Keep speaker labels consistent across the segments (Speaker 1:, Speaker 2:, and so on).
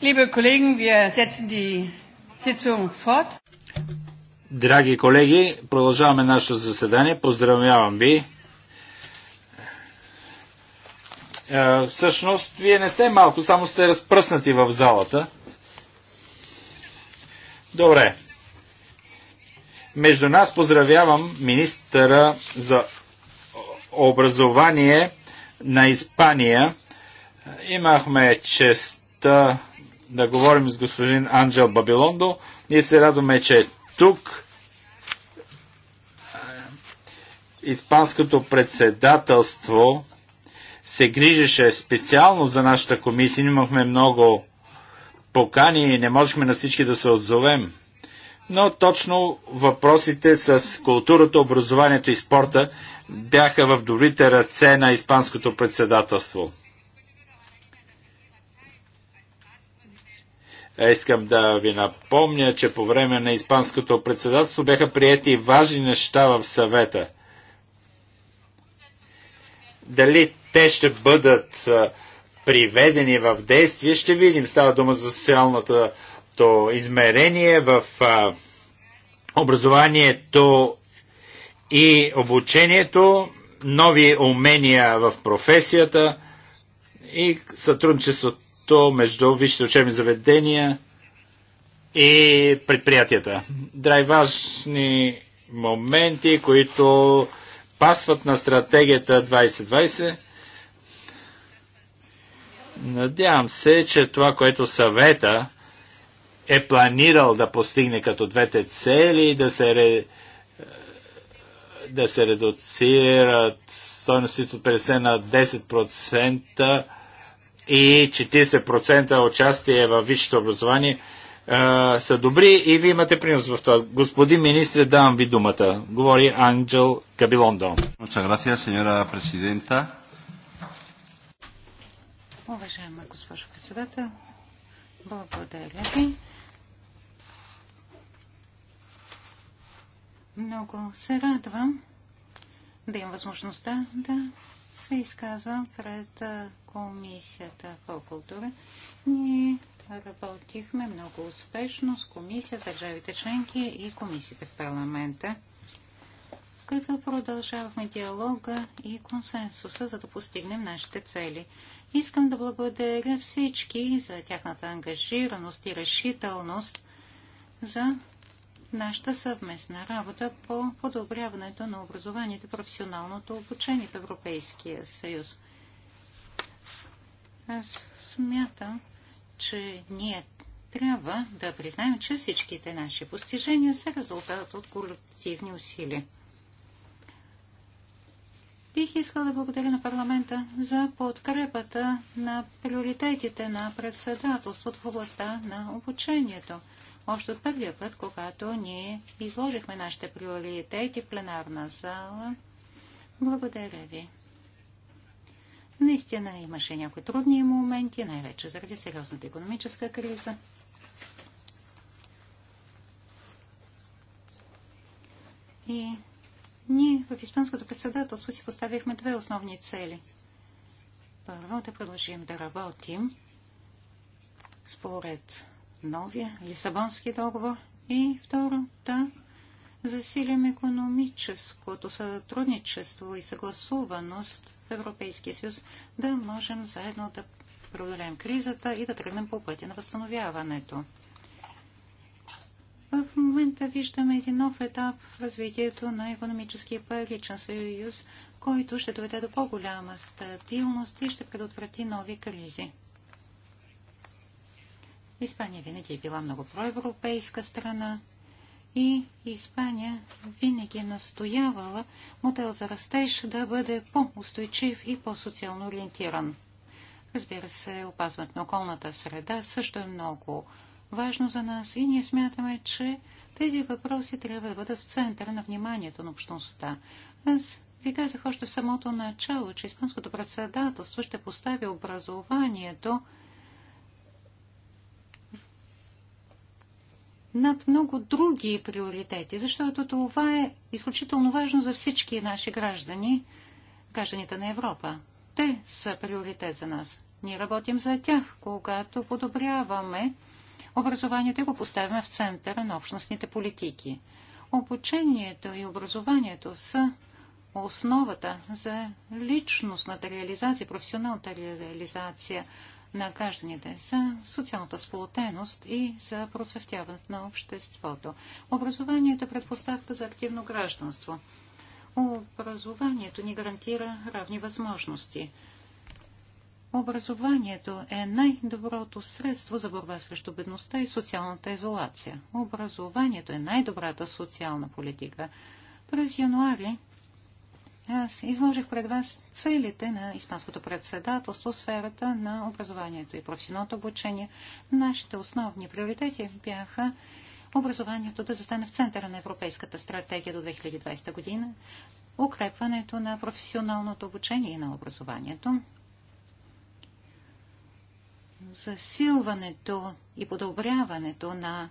Speaker 1: Liebe Kollegen, wir setzen die Sitzung fort.
Speaker 2: Драги колеги, продължаваме нашето заседание. Поздравявам ви. Е, всъщност, вие не сте малко, само сте разпръснати в залата. Добре. Между нас поздравявам министъра за образование на Испания. Имахме честа да говорим с господин Анджел Бабилондо. Ние се радваме, че е тук. Испанското председателство се грижеше специално за нашата комисия. Имахме много покани и не можехме на всички да се отзовем. Но точно въпросите с културата, образованието и спорта бяха в добрите ръце на Испанското председателство. Е, искам да ви напомня, че по време на Испанското председателство бяха приети важни неща в съвета. Дали те ще бъдат приведени в действие, ще видим. Става дума за социалното измерение в образованието и обучението, нови умения в професията и сътрудничеството партньорството между висшите учебни заведения и предприятията. Драй важни моменти, които пасват на стратегията 2020. Надявам се, че това, което съвета е планирал да постигне като двете цели, да се, ре... да се редуцират стоеностите от 50 на 10%, и 40% участие в висшето образование а, са добри и вие имате принос в това. Господин министр, давам ви думата. Говори Анджел Кабилондо. Много сеньора президента.
Speaker 1: Уважаема госпожо председател, благодаря ви. Много се радвам да имам възможността да се изказвам пред Комисията по култура. Ние работихме много успешно с Комисията, държавите членки и Комисията в парламента, като продължавахме диалога и консенсуса, за да постигнем нашите цели. Искам да благодаря всички за тяхната ангажираност и решителност за нашата съвместна работа по подобряването на образованието и професионалното обучение в Европейския съюз. Аз смятам, че ние трябва да признаем, че всичките наши постижения са резултат от колективни усилия. Бих искал да благодаря на парламента за подкрепата на приоритетите на председателството в областта на обучението – още от първия път, когато ние изложихме нашите приоритети в пленарна зала, благодаря ви. Наистина имаше някои трудни моменти, най-вече заради сериозната економическа криза. И ние в Испанското председателство си поставихме две основни цели. Първо да продължим да работим според новия Лисабонски договор и второ да засилим економическото сътрудничество и съгласуваност в Европейския съюз, да можем заедно да преодолеем кризата и да тръгнем по пътя на възстановяването. В момента виждаме един нов етап в развитието на економическия паричен съюз, който ще доведе до по-голяма стабилност и ще предотврати нови кризи. Испания винаги е била много проевропейска страна и Испания винаги е настоявала модел за растеж да бъде по-устойчив и по-социално ориентиран. Разбира се, опазването на околната среда също е много важно за нас и ние смятаме, че тези въпроси трябва да бъдат в центъра на вниманието на общността. Аз ви казах още самото начало, че Испанското председателство ще постави образованието над много други приоритети, защото това е изключително важно за всички наши граждани, гражданите на Европа. Те са приоритет за нас. Ние работим за тях, когато подобряваме образованието и го поставяме в центъра на общностните политики. Обучението и образованието са основата за личностната реализация, професионалната реализация – на гражданите, за социалната сполотеност и за процъфтяването на обществото. Образованието е предпоставка за активно гражданство. Образованието ни гарантира равни възможности. Образованието е най-доброто средство за борба срещу бедността и социалната изолация. Образованието е най-добрата социална политика. През януари аз изложих пред вас целите на Испанското председателство в сферата на образованието и професионалното обучение. Нашите основни приоритети бяха образованието да застане в центъра на Европейската стратегия до 2020 година, укрепването на професионалното обучение и на образованието, засилването и подобряването на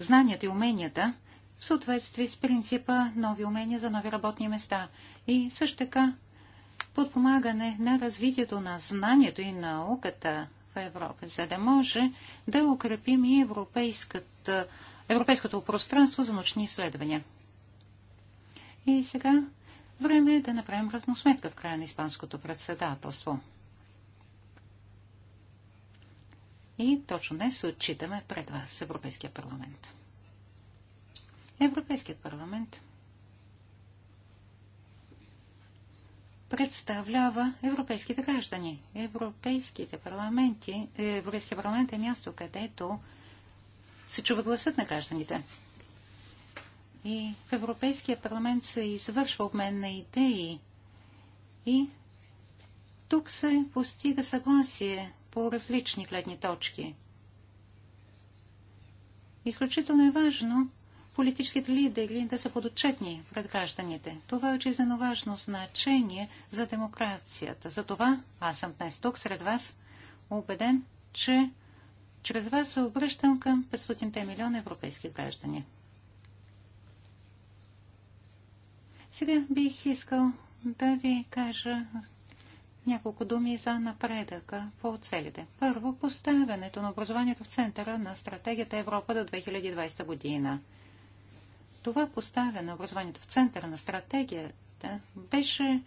Speaker 1: знанията и уменията в съответствие с принципа нови умения за нови работни места и също така подпомагане на развитието на знанието и науката в Европа, за да може да укрепим и европейското пространство за научни изследвания. И сега време е да направим разносметка в края на Испанското председателство. И точно днес отчитаме пред вас, Европейския парламент. Европейският парламент представлява европейските граждани. Европейските парламенти, е, Европейския парламент е място, където се чува гласът на гражданите. И в Европейския парламент се извършва обмен на идеи и тук се постига съгласие по различни гледни точки. Изключително е важно политическите лидери да са подотчетни пред гражданите. Това е жизненно важно значение за демокрацията. Затова аз съм днес тук сред вас, убеден, че чрез вас се обръщам към 500 милиона европейски граждани. Сега бих искал да ви кажа няколко думи за напредъка по целите. Първо, поставянето на образованието в центъра на стратегията Европа до 2020 година. Това поставя на образованието в центъра на стратегията беше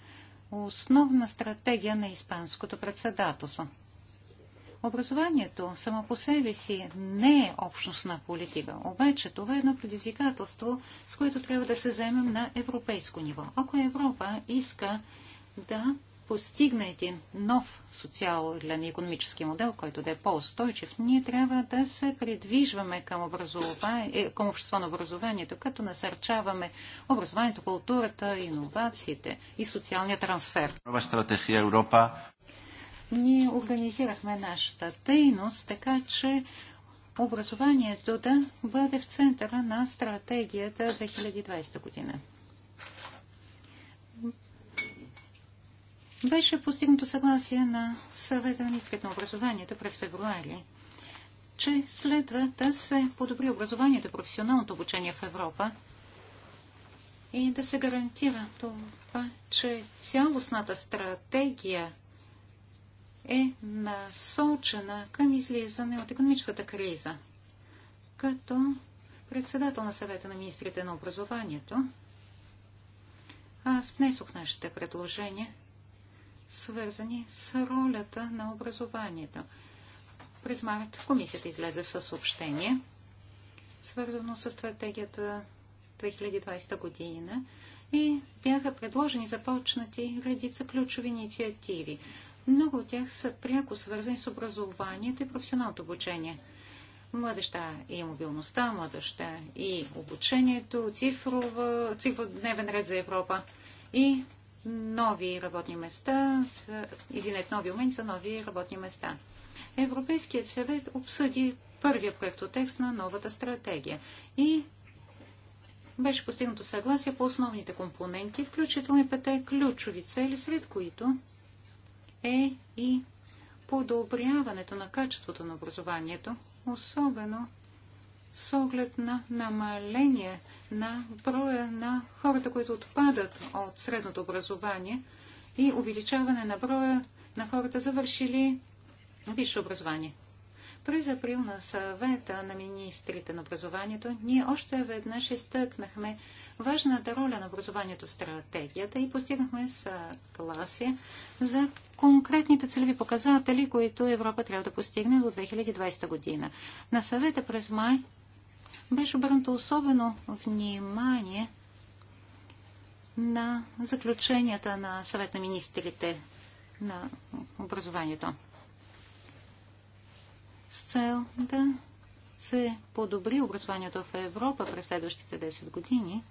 Speaker 1: основна стратегия на Испанското председателство. Образованието само по себе си не е общностна политика, обаче това е едно предизвикателство, с което трябва да се вземем на европейско ниво. Ако Европа иска да постигне един нов социален и економически модел, който да е по-устойчив, ние трябва да се придвижваме към, образование, е, към общество на образованието, като насърчаваме образованието, културата, иновациите и социалния трансфер.
Speaker 2: Нова стратегия Европа.
Speaker 1: Ние организирахме нашата дейност, така че образованието да бъде в центъра на стратегията 2020 година. беше постигнато съгласие на съвета на министрите на образованието през февруари, че следва да се подобри образованието, професионалното обучение в Европа и да се гарантира това, че цялостната стратегия е насочена към излизане от економическата криза. Като председател на съвета на министрите на образованието, аз внесох нашите предложения – свързани с ролята на образованието. През март комисията излезе със съобщение, свързано с стратегията 2020 година и бяха предложени започнати редица ключови инициативи. Много от тях са пряко свързани с образованието и професионалното обучение. Младеща и мобилността, младеща и обучението, цифрова, цифродневен ред за Европа и нови работни места, извинете, нови умения за нови работни места. Европейският съвет обсъди първия проектотекст на новата стратегия и беше постигнато съгласие по основните компоненти, включително и пете ключови цели, сред които е и подобряването на качеството на образованието, особено с оглед на намаление на броя на хората, които отпадат от средното образование и увеличаване на броя на хората, завършили висше образование. През април на съвета на министрите на образованието ние още веднъж изтъкнахме важната роля на образованието в стратегията и постигнахме съгласие за конкретните целеви показатели, които Европа трябва да постигне до 2020 година. На съвета през май беше обърнато особено внимание на заключенията на съвет на министрите на образованието с цел да се подобри образованието в Европа през следващите 10 години,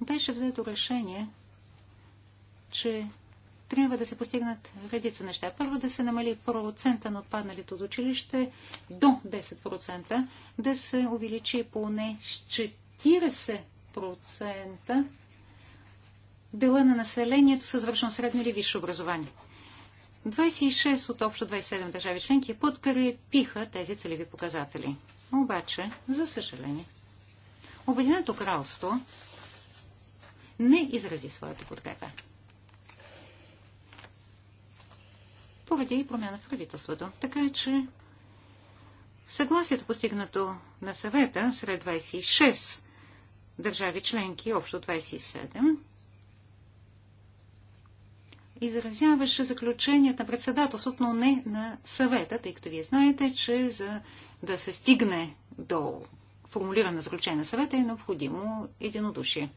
Speaker 1: беше взето решение, че трябва да се постигнат редица неща. Първо да се намали процента на отпадналите от училище до 10%, да се увеличи поне 40% дела на населението с завършено средно или висше образование. 26 от общо 27 държави членки подкрепиха тези целеви показатели. Обаче, за съжаление, Обединеното кралство не изрази своята подкрепа. поради промяна в правителството. Така е, че съгласието постигнато на съвета сред 26 държави членки, общо 27, изразяваше заключение на председателството, но не на съвета, тъй като вие знаете, че за да се стигне до формулиране на заключение на съвета е необходимо единодушие.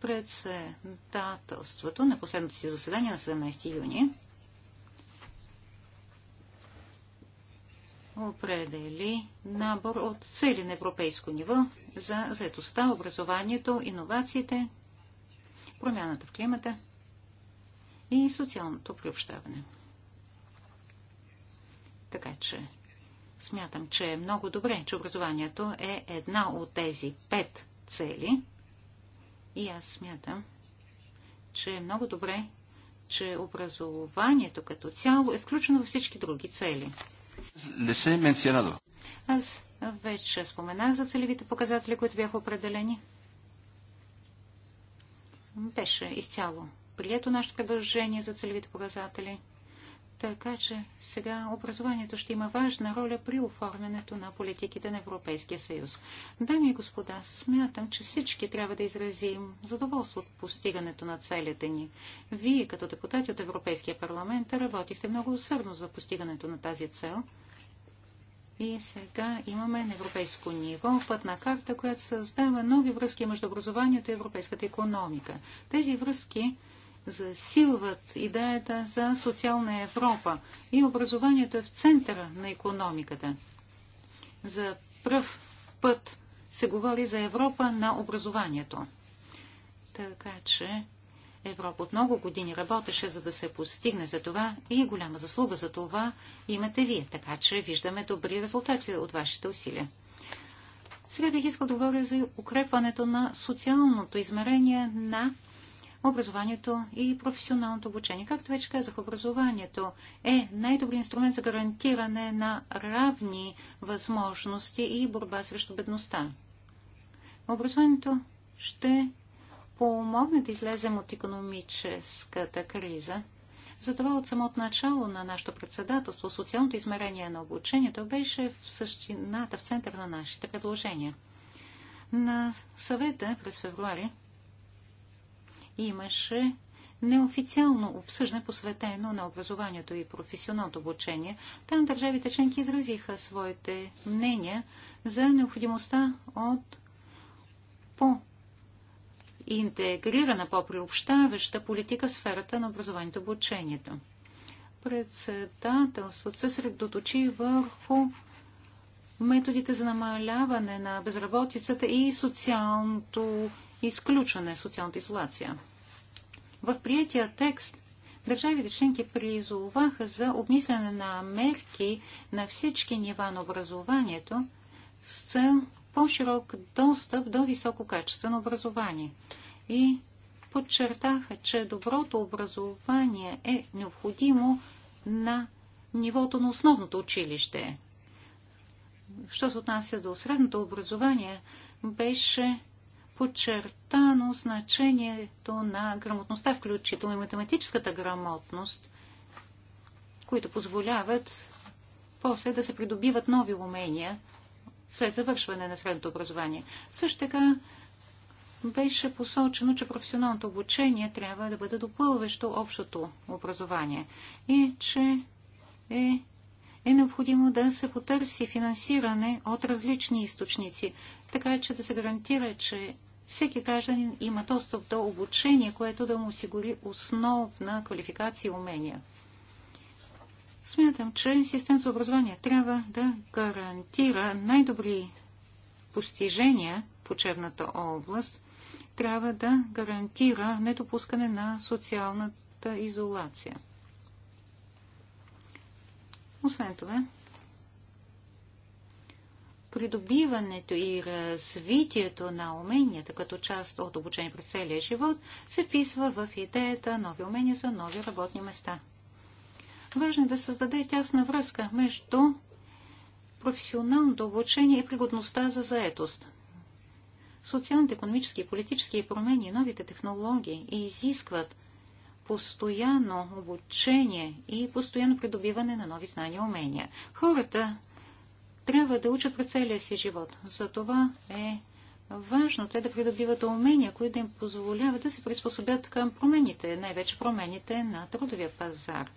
Speaker 1: Председателството на последното си заседание на 17 юни определи набор от цели на европейско ниво за заедостта, образованието, иновациите, промяната в климата и социалното приобщаване. Така че смятам, че е много добре, че образованието е една от тези пет цели. И аз смятам, че е много добре, че образованието като цяло е включено във всички други цели.
Speaker 3: Les he mencionado.
Speaker 1: Аз вече споменах за целевите показатели, които бяха определени. Беше изцяло прието нашето предложение за целевите показатели. Така че сега образованието ще има важна роля при оформянето на политиките на Европейския съюз. Дами и господа, смятам, че всички трябва да изразим задоволство от постигането на целите ни. Вие, като депутати от Европейския парламент, работихте много усърдно за постигането на тази цел. И сега имаме на европейско ниво пътна карта, която създава нови връзки между образованието и европейската економика. Тези връзки засилват идеята за социална Европа и образованието е в центъра на економиката. За пръв път се говори за Европа на образованието. Така че Европа от много години работеше, за да се постигне за това и голяма заслуга за това имате вие. Така че виждаме добри резултати от вашите усилия. Сега бих искал да говоря за укрепването на социалното измерение на образованието и професионалното обучение. Както вече казах, образованието е най-добрият инструмент за гарантиране на равни възможности и борба срещу бедността. Образованието ще помогне да излезем от економическата криза. Затова от самото начало на нашето председателство социалното измерение на обучението беше в същината, в център на нашите предложения. На съвета през февруари имаше неофициално обсъждане, посветено на образованието и професионалното обучение. Там държавите членки изразиха своите мнения за необходимостта от по интегрирана, по-приобщаваща политика в сферата на образованието и обучението. Председателството се средоточи върху методите за намаляване на безработицата и социалното изключване, социалната изолация. В приятия текст държавите членки призоваха за обмислене на мерки на всички нива на образованието с цел по-широк достъп до висококачествено образование и подчертаха, че доброто образование е необходимо на нивото на основното училище. Що се отнася до средното образование, беше подчертано значението на грамотността, включително и математическата грамотност, които позволяват после да се придобиват нови умения след завършване на средното образование. Също така беше посочено, че професионалното обучение трябва да бъде допълващо общото образование и че е, е необходимо да се потърси финансиране от различни източници, така че да се гарантира, че всеки гражданин има достъп до обучение, което да му осигури основна квалификация и умения. Смятам, че системата за образование трябва да гарантира най-добри постижения в учебната област, трябва да гарантира недопускане на социалната изолация. Освен това, придобиването и развитието на уменията като част от обучение през целия живот се вписва в идеята нови умения за нови работни места. Важно е да създаде тясна връзка между професионалното обучение и пригодността за заетост. Социалните, економически и политически промени и новите технологии изискват постоянно обучение и постоянно придобиване на нови знания и умения. Хората трябва да учат през целия си живот. Затова е важно те да придобиват умения, които да им позволяват да се приспособят към промените, най-вече промените на трудовия пазар.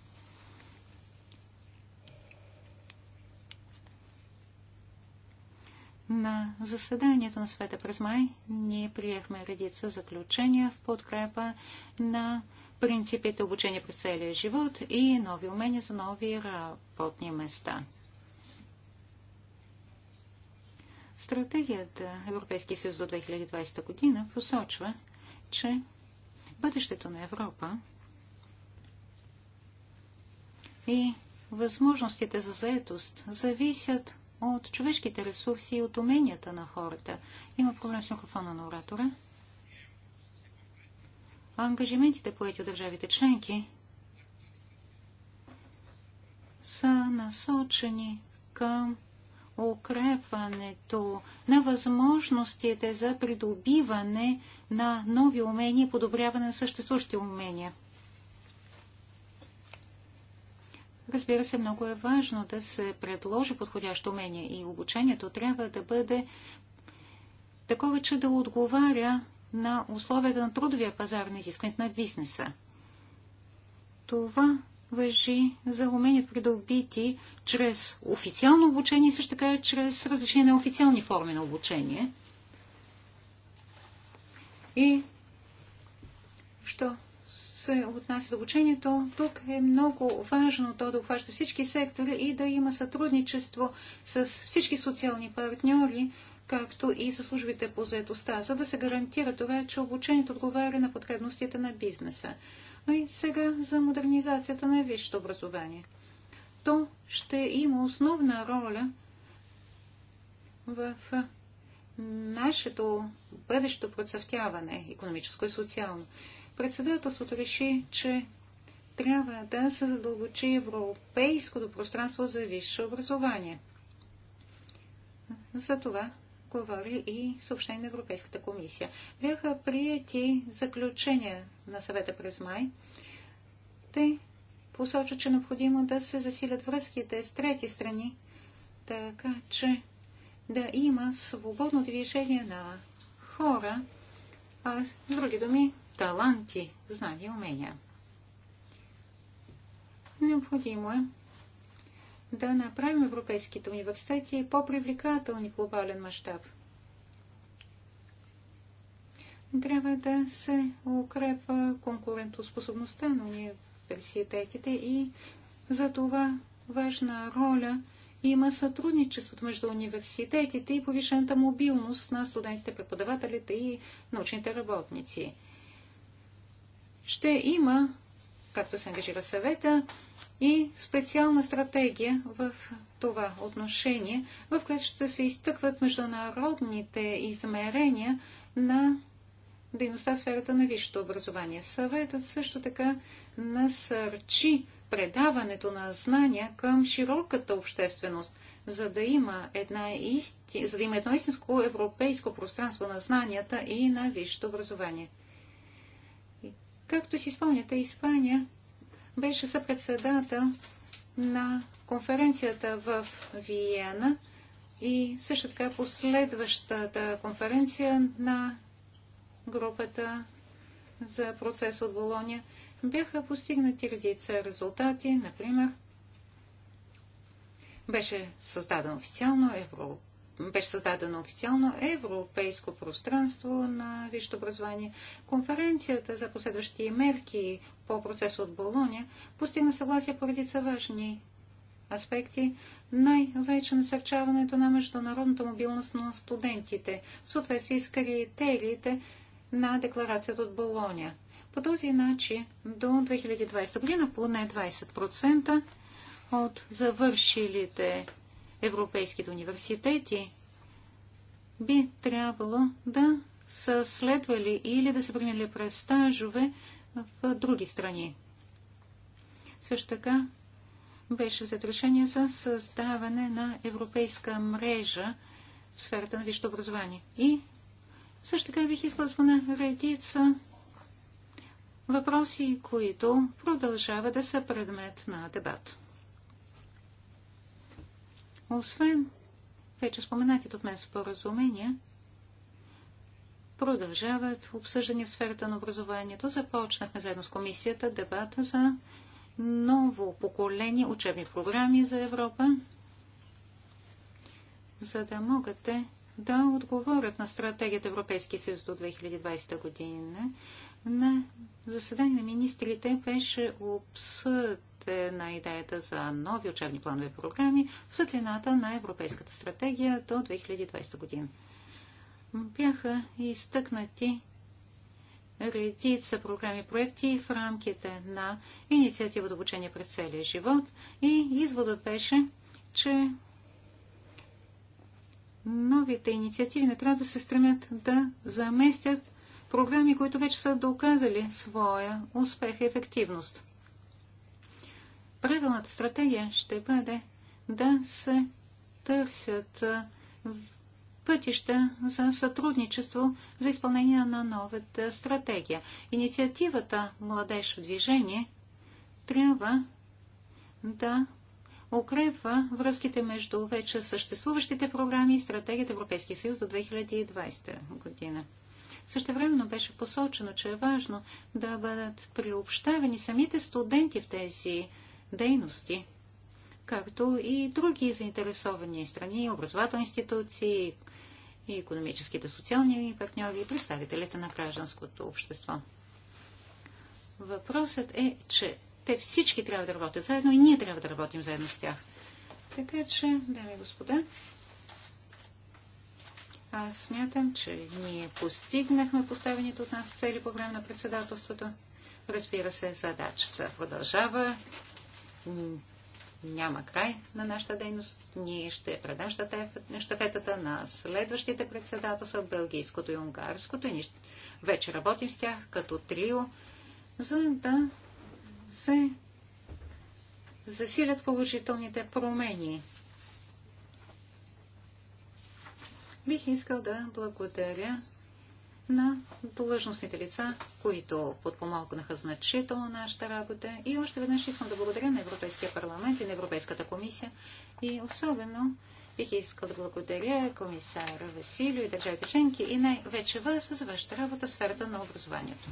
Speaker 1: На заседанието на света през май ние приехме редица заключения в подкрепа на принципите обучение през целия живот и нови умения за нови работни места. Стратегията Европейски съюз до 2020 година посочва, че бъдещето на Европа и възможностите за заетост зависят от човешките ресурси и от уменията на хората. Има проблем с микрофона на оратора. Ангажиментите, поети от държавите членки, са насочени към укрепването на възможностите за придобиване на нови умения и подобряване на съществуващи умения. Разбира се, много е важно да се предложи подходящо умение и обучението трябва да бъде такова, че да отговаря на условията на трудовия пазар на изискването на бизнеса. Това въжи за умения, придобити чрез официално обучение и също така и чрез различни неофициални форми на обучение. И що се отнася до обучението, тук е много важно то да обхваща всички сектори и да има сътрудничество с всички социални партньори, както и със службите по заедостта, за да се гарантира това, че обучението отговаря на потребностите на бизнеса и сега за модернизацията на висшето образование. То ще има основна роля в нашето бъдещо процъфтяване, економическо и социално. Председателството реши, че трябва да се задълбочи европейското пространство за висше образование. Затова отговори и съобщение на Европейската комисия. Бяха прияти заключения на съвета през май. Те посочат, че е необходимо да се засилят връзките с трети страни, така че да има свободно движение на хора, а с други думи таланти, знания и умения. Необходимо е да направим европейските университети по-привлекателни в глобален мащаб. Трябва да се укрепва конкурентоспособността на университетите и за това важна роля има сътрудничеството между университетите и повишената мобилност на студентите, преподавателите и научните работници. Ще има, както се ангажира съвета, и специална стратегия в това отношение, в което ще се изтъкват международните измерения на дейността в сферата на висшето образование. Съветът също така насърчи предаването на знания към широката общественост, за да има, една исти... за да има едно истинско европейско пространство на знанията и на висшето образование. Както си спомняте, Испания беше съпредседател на конференцията в Виена и също така последващата конференция на групата за процес от Болония бяха постигнати редица резултати, например беше създадено официално евро беше създадено официално Европейско пространство на висшето образование. Конференцията за последващи мерки по процеса от Болония, постигна съгласие по редица важни аспекти, най-вече насърчаването на международната мобилност на студентите в съответствие с критериите на декларацията от Болония. По този начин до 2020 година поне 20% от завършилите европейските университети би трябвало да са следвали или да са преминали през стажове в други страни. Също така беше взет решение за създаване на европейска мрежа в сферата на висшето образование. И също така бих искала на редица въпроси, които продължава да са предмет на дебат. Освен вече споменатите от мен споразумения, продължават обсъждания в сферата на образованието. Започнахме заедно с комисията дебата за ново поколение учебни програми за Европа, за да могат те да отговорят на стратегията Европейски съюз до 2020 година. На заседание на министрите беше обсъдена идеята за нови учебни планове и програми в светлината на Европейската стратегия до 2020 година бяха изтъкнати редица програми и проекти в рамките на инициатива обучение през целия живот и изводът беше, че новите инициативи не трябва да се стремят да заместят програми, които вече са доказали своя успех и ефективност. Правилната стратегия ще бъде да се търсят пътища за сътрудничество за изпълнение на новата стратегия. Инициативата Младеж в движение трябва да укрепва връзките между вече съществуващите програми и стратегията Европейския съюз до 2020 година. Същевременно беше посочено, че е важно да бъдат приобщавани самите студенти в тези дейности, както и други заинтересовани страни, образователни институции, и економическите социални партньори и представителите на гражданското общество. Въпросът е, че те всички трябва да работят заедно и ние трябва да работим заедно с тях. Така че, дами и господа, аз смятам, че ние постигнахме поставените от нас цели по време на председателството. Разбира се, задачата продължава няма край на нашата дейност. Ние ще предам щафетата на следващите председателства, Белгийското и унгарското. И ние вече работим с тях като трио, за да се засилят положителните промени. Бих искал да благодаря на длъжностните лица, които подпомогнаха значително нашата работа. И още веднъж искам да благодаря на Европейския парламент и на Европейската комисия. И особено бих искал да благодаря комисара Василио и държавите членки и най-вече вас за вашата работа в сферата на образованието.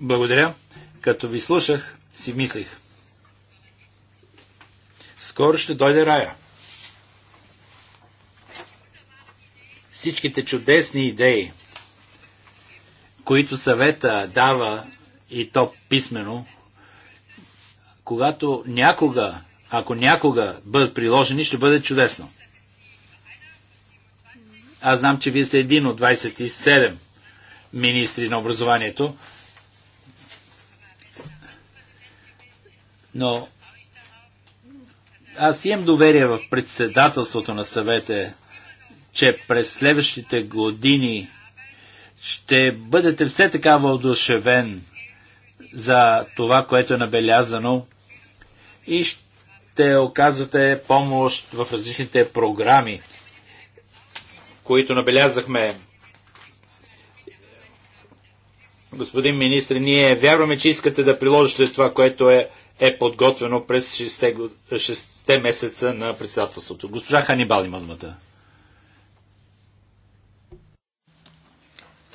Speaker 2: Благодаря. Като ви слушах, си мислих – скоро ще дойде рая. Всичките чудесни идеи, които съвета дава и то писмено, когато някога, ако някога бъдат приложени, ще бъде чудесно. Аз знам, че вие сте един от 27 министри на образованието, но аз имам доверие в председателството на съвете, че през следващите години ще бъдете все така въодушевен за това, което е набелязано и ще оказвате помощ в различните програми, които набелязахме. Господин министр, ние вярваме, че искате да приложите това, което е е подготвено през 6-те месеца на председателството. Госпожа Ханибал има думата.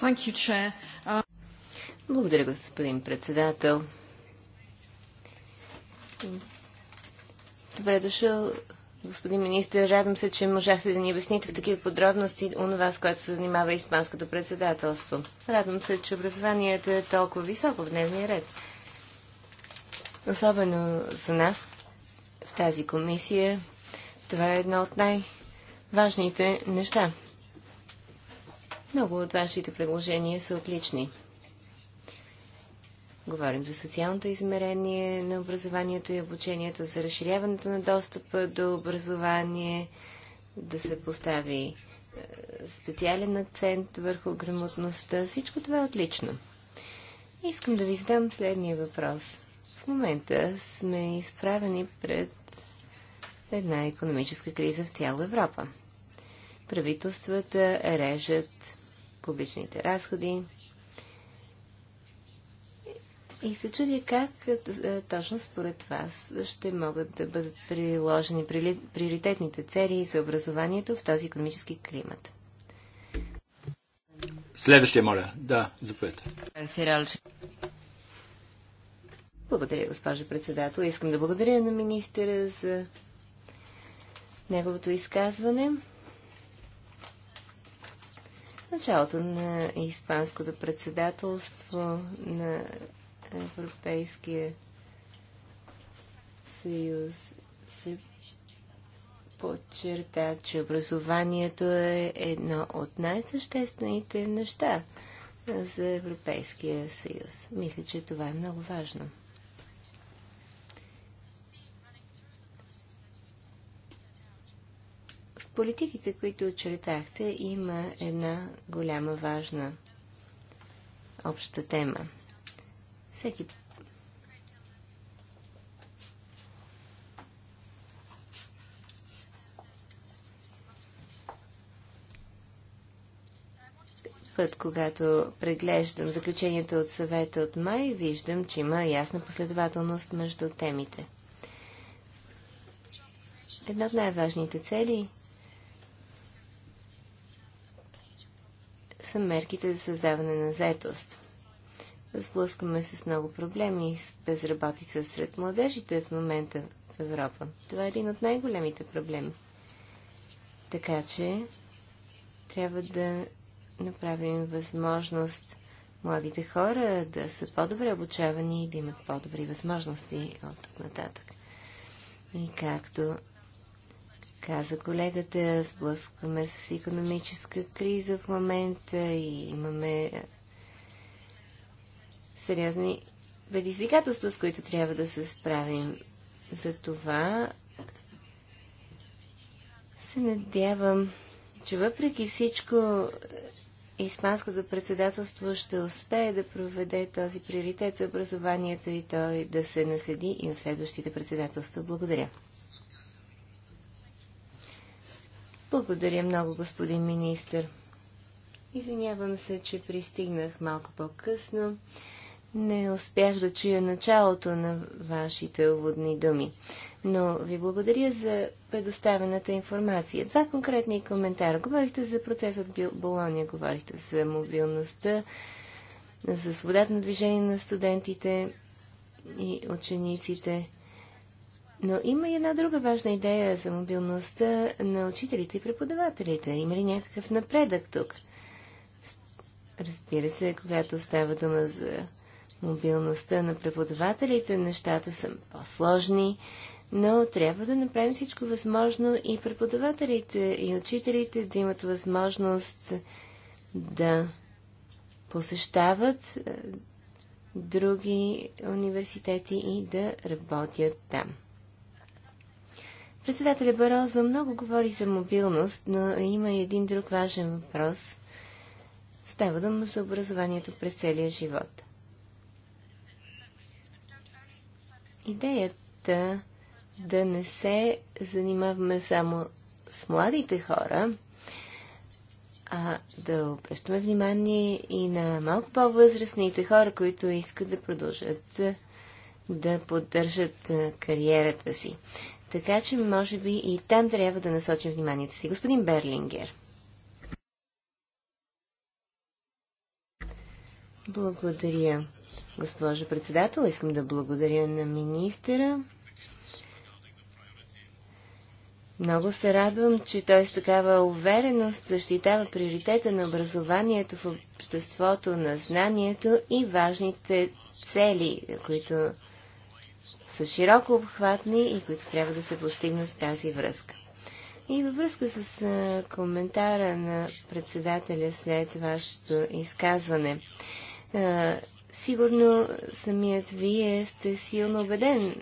Speaker 3: Uh, Благодаря, господин председател. Добре дошъл, господин министр. Радвам се, че можахте да ни обясните в такива подробности онова, с което се занимава Испанското председателство. Радвам се, че образованието е толкова високо в дневния ред. Особено за нас в тази комисия това е едно от най-важните неща. Много от вашите предложения са отлични. Говорим за социалното измерение на образованието и обучението, за разширяването на достъпа до образование, да се постави е, специален акцент върху грамотността. Всичко това е отлично. Искам да ви задам следния въпрос. В момента сме изправени пред една економическа криза в цяла Европа. Правителствата режат публичните разходи и се чудя как е, е, точно според вас ще могат да бъдат приложени приоритетните цели за образованието в този економически климат.
Speaker 2: Следващия, моля. Да, заповедайте.
Speaker 3: Благодаря, госпожа председател. Искам да благодаря на министъра за неговото изказване. Началото на Испанското председателство на Европейския съюз се подчерта, че образованието е едно от най-съществените неща за Европейския съюз. Мисля, че това е много важно. политиките, които очертахте, има една голяма важна обща тема. Всеки път, когато преглеждам заключенията от съвета от май, виждам, че има ясна последователност между темите. Една от най-важните цели са мерките за създаване на заетост. Сблъскаме се с много проблеми с безработица сред младежите в момента в Европа. Това е един от най-големите проблеми. Така че трябва да направим възможност младите хора да са по-добре обучавани и да имат по-добри възможности от тук нататък. И както каза колегата, сблъскваме с економическа криза в момента и имаме е, сериозни предизвикателства, с които трябва да се справим. за това. се надявам, че въпреки всичко е, Испанското председателство ще успее да проведе този приоритет за образованието и той да се наследи и от следващите председателства. Благодаря. Благодаря много, господин министр. Извинявам се, че пристигнах малко по-късно. Не успях да чуя началото на вашите уводни думи, но ви благодаря за предоставената информация. Два конкретни коментара. Говорихте за процес от Болония, говорихте за мобилността, за свободата на движение на студентите и учениците. Но има и една друга важна идея за мобилността на учителите и преподавателите. Има ли някакъв напредък тук? Разбира се, когато става дума за мобилността на преподавателите, нещата са по-сложни, но трябва да направим всичко възможно и преподавателите и учителите да имат възможност да посещават е, други университети и да работят там. Председателя Барозо много говори за мобилност, но има и един друг важен въпрос. Става дума за образованието през целия живот. Идеята да не се занимаваме само с младите хора, а да обръщаме внимание и на малко по-възрастните хора, които искат да продължат да поддържат кариерата си. Така че, може би, и там трябва да насочим вниманието си. Господин Берлингер. Благодаря, госпожо председател. Искам да благодаря на министъра. Много се радвам, че той с такава увереност защитава приоритета на образованието в обществото на знанието и важните цели, които са широко обхватни и които трябва да се постигнат в тази връзка. И във връзка с а, коментара на председателя след вашето изказване, а, сигурно самият вие сте силно убеден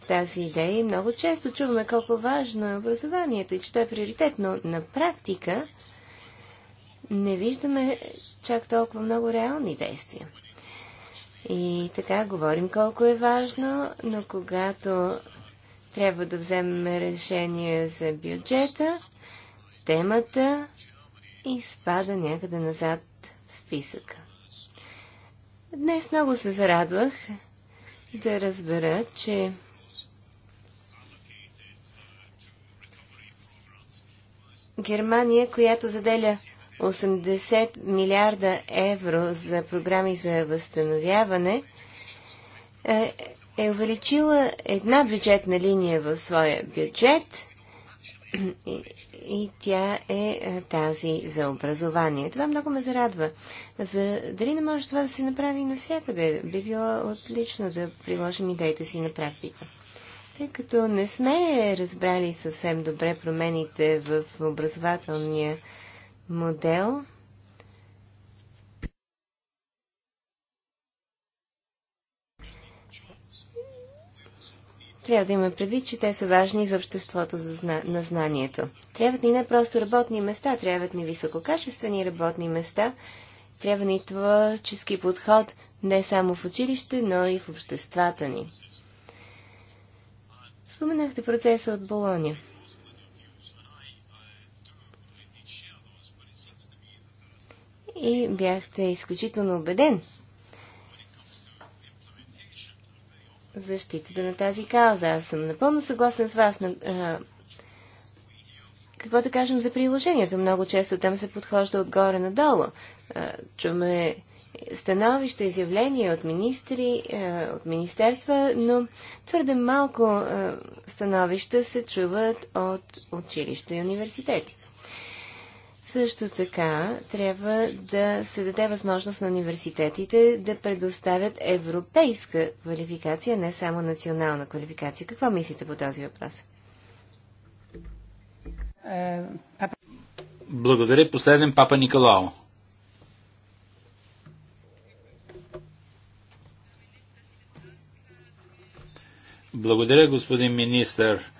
Speaker 3: в тази идея и много често чуваме колко важно е образованието и че то е приоритет, но на практика не виждаме чак толкова много реални действия. И така, говорим колко е важно, но когато трябва да вземем решение за бюджета, темата изпада някъде назад в списъка. Днес много се зарадвах да разбера, че Германия, която заделя 80 милиарда евро за програми за възстановяване, е, е увеличила една бюджетна линия в своя бюджет и, тя е, е тази за образование. Това много ме зарадва. За, дали не може това да се направи навсякъде? Би било отлично да приложим идеите си на практика. Тъй като не сме разбрали съвсем добре промените в образователния модел. Трябва да има предвид, че те са важни за обществото на знанието. Трябват ни не просто работни места, трябват ни висококачествени работни места, трябва ни творчески подход не само в училище, но и в обществата ни. Споменахте процеса от Болония. и бяхте изключително убеден в защитата на тази кауза. Аз съм напълно съгласен с вас. Но, а, какво да кажем за приложението? Много често там се подхожда отгоре надолу. чуме становища, изявления от министри, а, от министерства, но твърде малко а, становища се чуват от училища и университети. Също така трябва да се даде възможност на университетите да предоставят европейска квалификация, не само национална квалификация. Какво мислите по този въпрос?
Speaker 2: Благодаря. Последен папа Николао. Благодаря, господин министър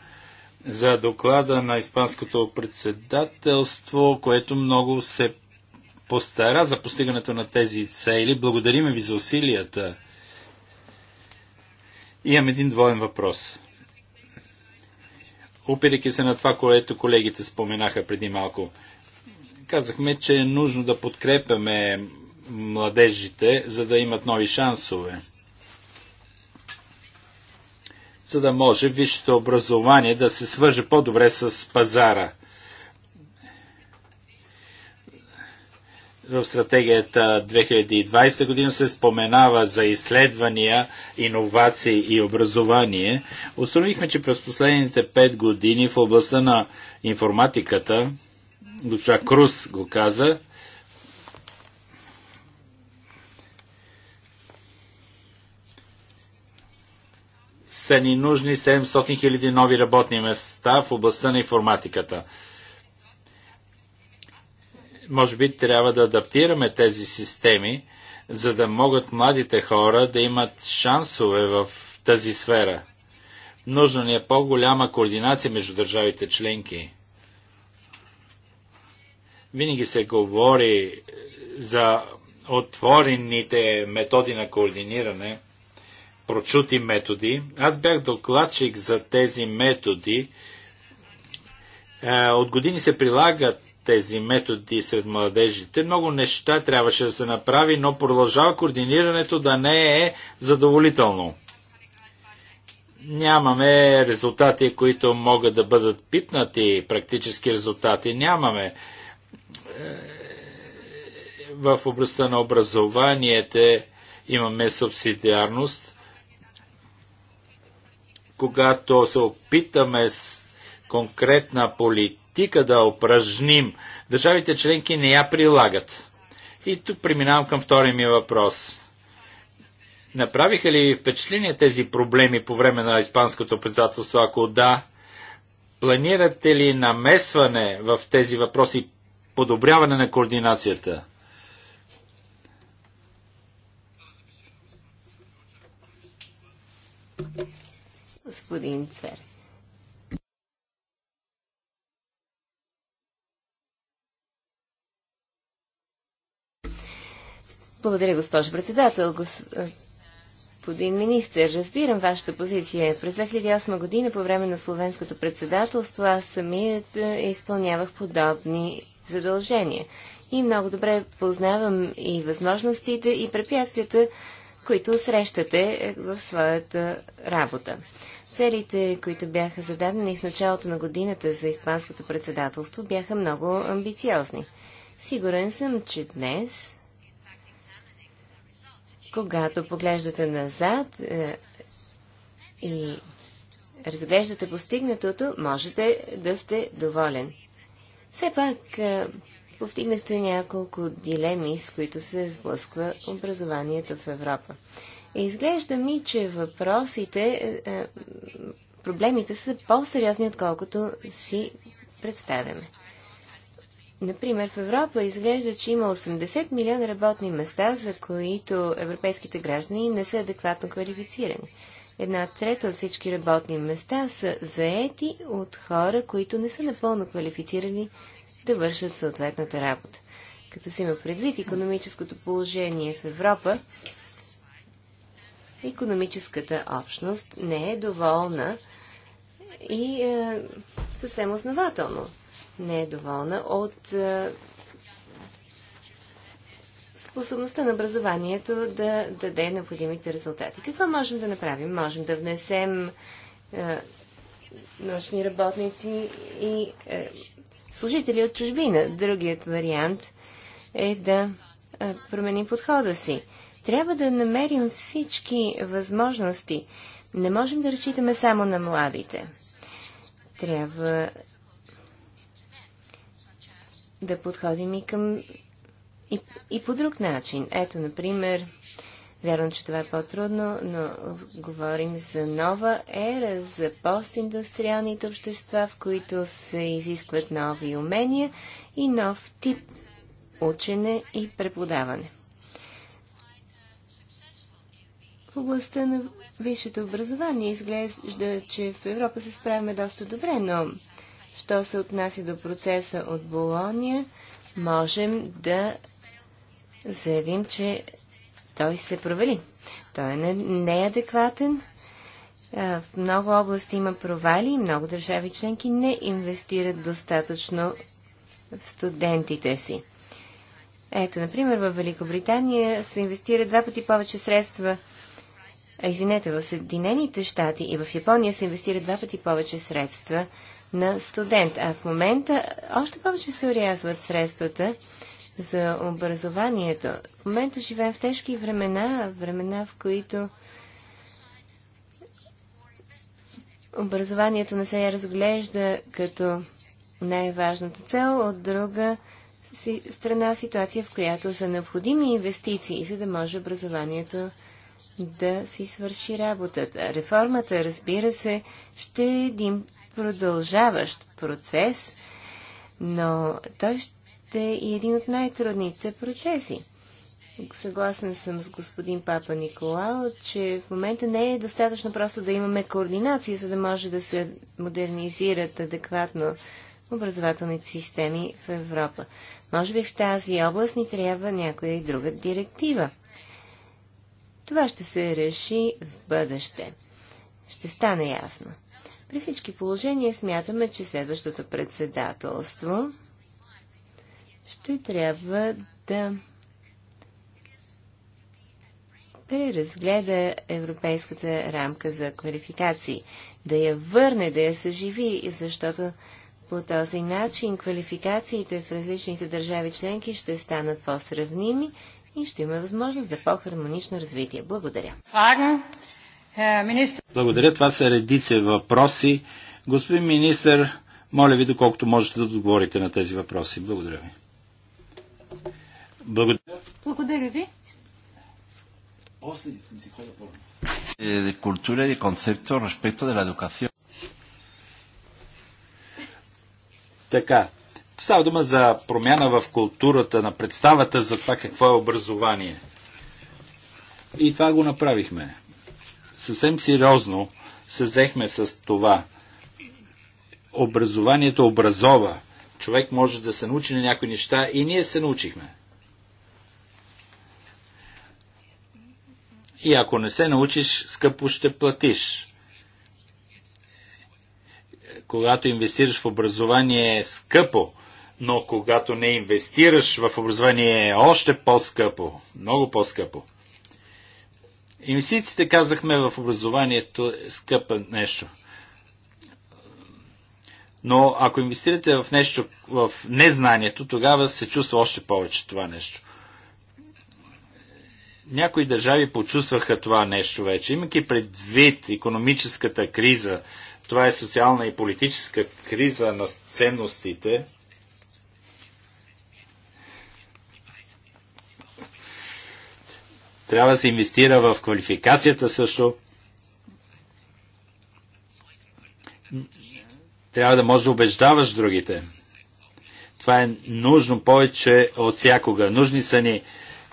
Speaker 2: за доклада на Испанското председателство, което много се постара за постигането на тези цели. Благодариме ви за усилията. Имам един двоен въпрос. Опирайки се на това, което колегите споменаха преди малко, казахме, че е нужно да подкрепяме младежите, за да имат нови шансове за да може висшето образование да се свърже по-добре с пазара. В стратегията 2020 година се споменава за изследвания, иновации и образование. Установихме, че през последните 5 години в областта на информатиката, госпожа Крус го каза, са ни нужни 700 000 нови работни места в областта на информатиката. Може би трябва да адаптираме тези системи, за да могат младите хора да имат шансове в тази сфера. Нужна ни е по-голяма координация между държавите членки. Винаги се говори за отворените методи на координиране – прочути методи. Аз бях докладчик за тези методи. Е, от години се прилагат тези методи сред младежите. Много неща трябваше да се направи, но продължава координирането да не е задоволително. Нямаме резултати, които могат да бъдат пипнати, практически резултати нямаме. Е, в областта на образованието имаме субсидиарност когато се опитаме с конкретна политика да упражним, държавите членки не я прилагат. И тук преминавам към втория ми въпрос. Направиха ли впечатление тези проблеми по време на Испанското председателство? Ако да, планирате ли намесване в тези въпроси, подобряване на координацията?
Speaker 3: господин Цвер. Благодаря, госпожо председател. Господин министр, разбирам вашата позиция. През 2008 година, по време на словенското председателство, аз самият е, изпълнявах подобни задължения. И много добре познавам и възможностите, и препятствията, които срещате е, в своята работа. Целите, които бяха зададени в началото на годината за Испанското председателство, бяха много амбициозни. Сигурен съм, че днес, когато поглеждате назад е, и разглеждате постигнатото, можете да сте доволен. Все пак е, повтигнахте няколко дилеми, с които се сблъсква образованието в Европа. Изглежда ми, че въпросите, е, е, проблемите са по-сериозни, отколкото си представяме. Например, в Европа изглежда, че има 80 милиона работни места, за които европейските граждани не са адекватно квалифицирани. Една трета от всички работни места са заети от хора, които не са напълно квалифицирани да вършат съответната работа. Като си има предвид економическото положение в Европа, економическата общност не е доволна и е, съвсем основателно не е доволна от е, способността на образованието да даде необходимите резултати. Какво можем да направим? Можем да внесем е, научни работници и е, служители от чужбина. Другият вариант е да е, променим подхода си. Трябва да намерим всички възможности. Не можем да разчитаме само на младите. Трябва да подходим и към и, и по друг начин. Ето, например, вярвам, че това е по-трудно, но говорим за нова ера, за постиндустриалните общества, в които се изискват нови умения и нов тип учене и преподаване. В областта на висшето образование изглежда, че в Европа се справяме доста добре, но що се отнася до процеса от Болония, можем да заявим, че той се провали. Той е не, неадекватен. В много области има провали и много държави членки не инвестират достатъчно в студентите си. Ето, например, в Великобритания се инвестира два пъти повече средства извинете, в Съединените щати и в Япония се инвестира два пъти повече средства на студент, а в момента още повече се урязват средствата за образованието. В момента живеем в тежки времена, времена в които образованието не се я разглежда като най-важната цел, от друга страна ситуация, в която са необходими инвестиции, за да може образованието да си свърши работата. Реформата, разбира се, ще е един продължаващ процес, но той ще е един от най-трудните процеси. Съгласен съм с господин Папа Николао, че в момента не е достатъчно просто да имаме координация, за да може да се модернизират адекватно образователните системи в Европа. Може би в тази област ни трябва някоя и друга директива. Това ще се реши в бъдеще. Ще стане ясно. При всички положения смятаме, че следващото председателство ще трябва да преразгледа европейската рамка за квалификации, да я върне, да я съживи, защото по този начин квалификациите в различните държави членки ще станат по-сравними и ще има възможност за по-хармонично развитие. Благодаря.
Speaker 1: Е,
Speaker 2: Благодаря. Това са редица въпроси. Господин министр, моля ви, доколкото можете да отговорите на тези въпроси. Благодаря ви. Благодаря.
Speaker 1: Благодаря ви. После искам си хода по
Speaker 2: е, de Така, Става дума за промяна в културата, на представата за това какво е образование. И това го направихме. Съвсем сериозно се взехме с това. Образованието образова. Човек може да се научи на някои неща и ние се научихме. И ако не се научиш, скъпо ще платиш. Когато инвестираш в образование, е скъпо но когато не инвестираш в образование е още по-скъпо, много по-скъпо. Инвестициите, казахме, в образованието е скъпа нещо. Но ако инвестирате в нещо, в незнанието, тогава се чувства още повече това нещо. Някои държави почувстваха това нещо вече. Имайки предвид економическата криза, това е социална и политическа криза на ценностите – Трябва да се инвестира в квалификацията също. Трябва да можеш да убеждаваш другите. Това е нужно повече от всякога. Нужни са ни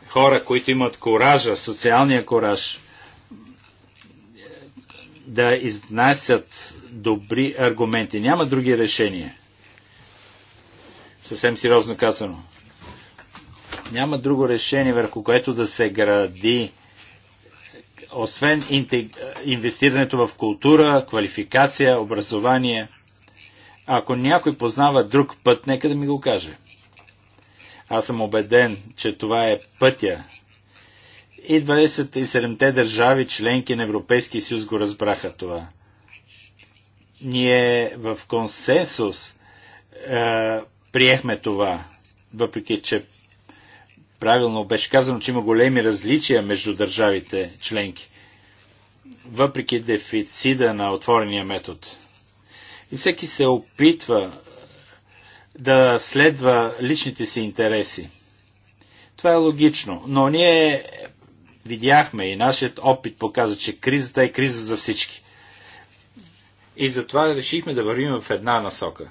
Speaker 2: хора, които имат коража, социалния кораж, да изнасят добри аргументи. Няма други решения. Съвсем сериозно казано. Няма друго решение, върху което да се гради, освен инвестирането в култура, квалификация, образование. Ако някой познава друг път, нека да ми го каже. Аз съм убеден, че това е пътя. И 27-те държави, членки на Европейския съюз, го разбраха това. Ние в консенсус е, приехме това, въпреки че Правилно беше казано, че има големи различия между държавите членки, въпреки дефицида на отворения метод. И всеки се опитва да следва личните си интереси. Това е логично, но ние видяхме и нашият опит показа, че кризата е криза за всички. И затова решихме да вървим в една насока.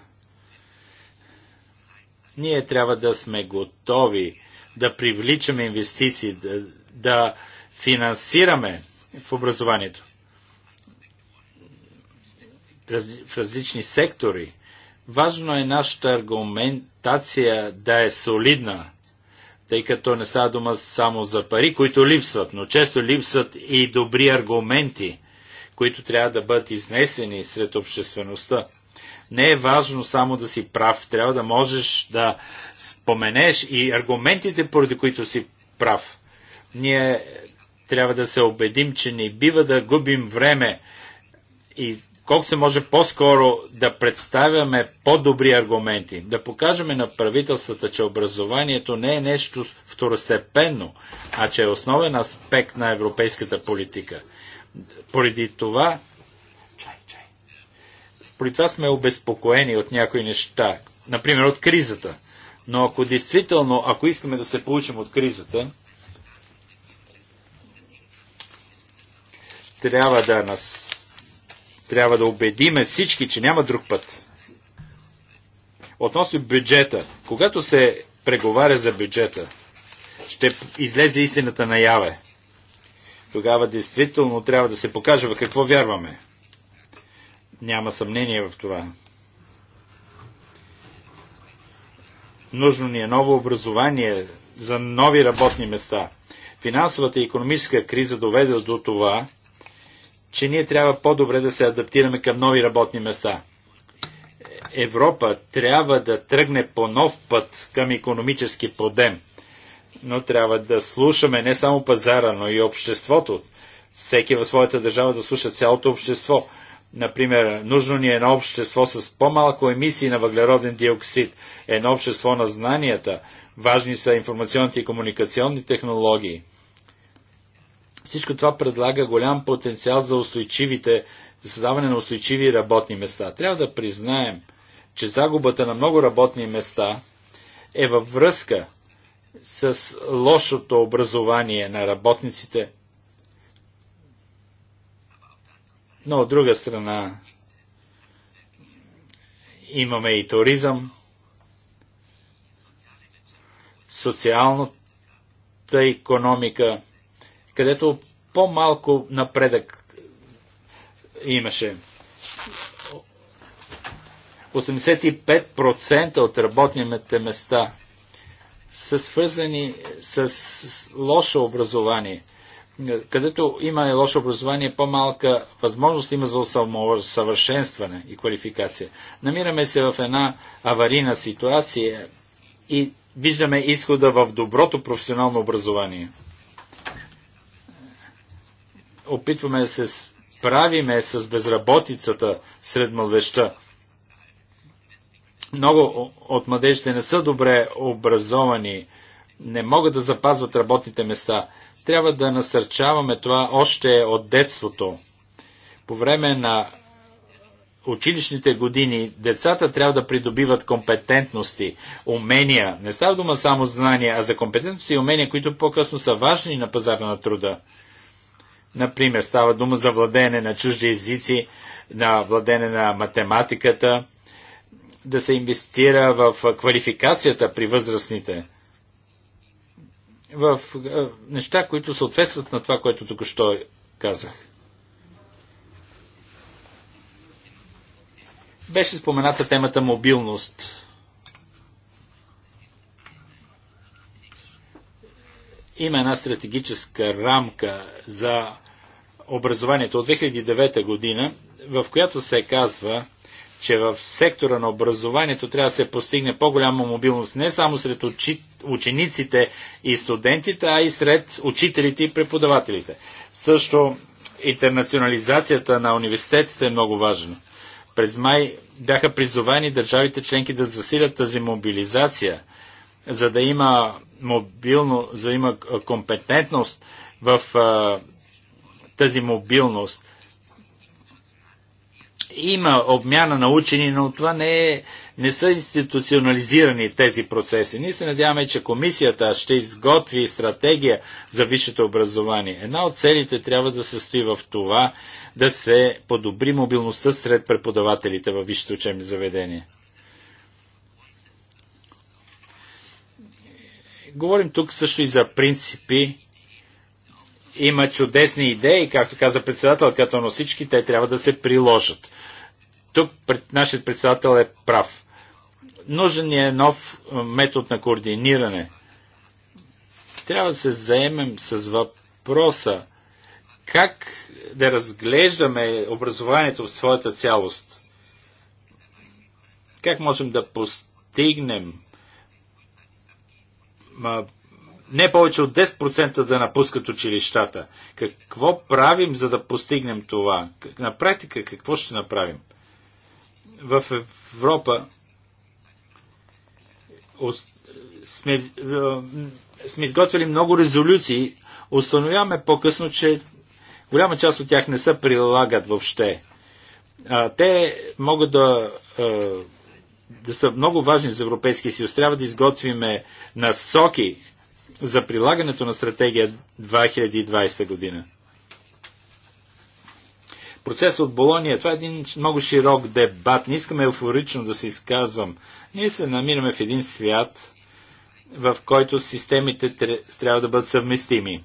Speaker 2: Ние трябва да сме готови да привличаме инвестиции, да, да финансираме в образованието в различни сектори. Важно е нашата аргументация да е солидна, тъй като не става дума само за пари, които липсват, но често липсват и добри аргументи, които трябва да бъдат изнесени сред обществеността. Не е важно само да си прав, трябва да можеш да споменеш и аргументите, поради които си прав. Ние трябва да се убедим, че не бива да губим време и колко се може по-скоро да представяме по-добри аргументи, да покажем на правителствата, че образованието не е нещо второстепенно, а че е основен аспект на европейската политика. Поради това при това сме обезпокоени от някои неща, например от кризата. Но ако действително, ако искаме да се получим от кризата, трябва да нас трябва да убедиме всички, че няма друг път. Относно бюджета, когато се преговаря за бюджета, ще излезе истината наяве. Тогава действително трябва да се покаже в какво вярваме. Няма съмнение в това. Нужно ни е ново образование за нови работни места. Финансовата и економическа криза доведе до това, че ние трябва по-добре да се адаптираме към нови работни места. Европа трябва да тръгне по нов път към економически подем, но трябва да слушаме не само пазара, но и обществото. Всеки в своята държава да слуша цялото общество. Например, нужно ни е едно общество с по-малко емисии на въглероден диоксид, едно общество на знанията, важни са информационните и комуникационни технологии. Всичко това предлага голям потенциал за устойчивите, за създаване на устойчиви работни места. Трябва да признаем, че загубата на много работни места е във връзка с лошото образование на работниците, Но от друга страна имаме и туризъм, социалната економика, където по-малко напредък имаше. 85% от работните места са свързани с лошо образование – е, където има лошо образование, по-малка възможност има за усъвършенстване и квалификация. Намираме се в една аварийна ситуация и виждаме изхода в доброто професионално образование. Опитваме да се справиме с безработицата сред младеща. Много от младежите не са добре образовани, не могат да запазват работните места – трябва да насърчаваме това още от детството. По време на училищните години децата трябва да придобиват компетентности, умения. Не става дума само знания, а за компетентности и умения, които по-късно са важни на пазара на труда. Например, става дума за владеене на чужди езици, на владене на математиката, да се инвестира в квалификацията при възрастните в неща, които съответстват на това, което току-що казах. Беше спомената темата мобилност. Има една стратегическа рамка за образованието от 2009 година, в която се казва, че в сектора на образованието трябва да се постигне по-голяма мобилност не само сред учи... учениците и студентите, а и сред учителите и преподавателите. Също интернационализацията на университетите е много важна. През май бяха призовани държавите членки да засилят тази мобилизация, за да има мобилно, за да има компетентност в а, тази мобилност – има обмяна на учени, но това не, е, не са институционализирани тези процеси. Ние се надяваме, че комисията ще изготви стратегия за висшето образование. Една от целите трябва да състои в това да се подобри мобилността сред преподавателите във висшето учебни заведения. Говорим тук също и за принципи, има чудесни идеи, както каза председател, като но всички те трябва да се приложат. Тук пред, нашият председател е прав. Нужен е нов метод на координиране. Трябва да се заемем с въпроса как да разглеждаме образованието в своята цялост. Как можем да постигнем не повече от 10% да напускат училищата. Какво правим, за да постигнем това? На практика какво ще направим? в Европа сме, е, сме изготвили много резолюции, установяваме по-късно, че голяма част от тях не се прилагат въобще. А, те могат да, е, да са много важни за Европейския съюз. Трябва да изготвиме насоки за прилагането на стратегия 2020 година. Процесът от Болония, това е един много широк дебат. Не искаме еуфорично да се изказвам. Ние се намираме в един свят, в който системите трябва да бъдат съвместими.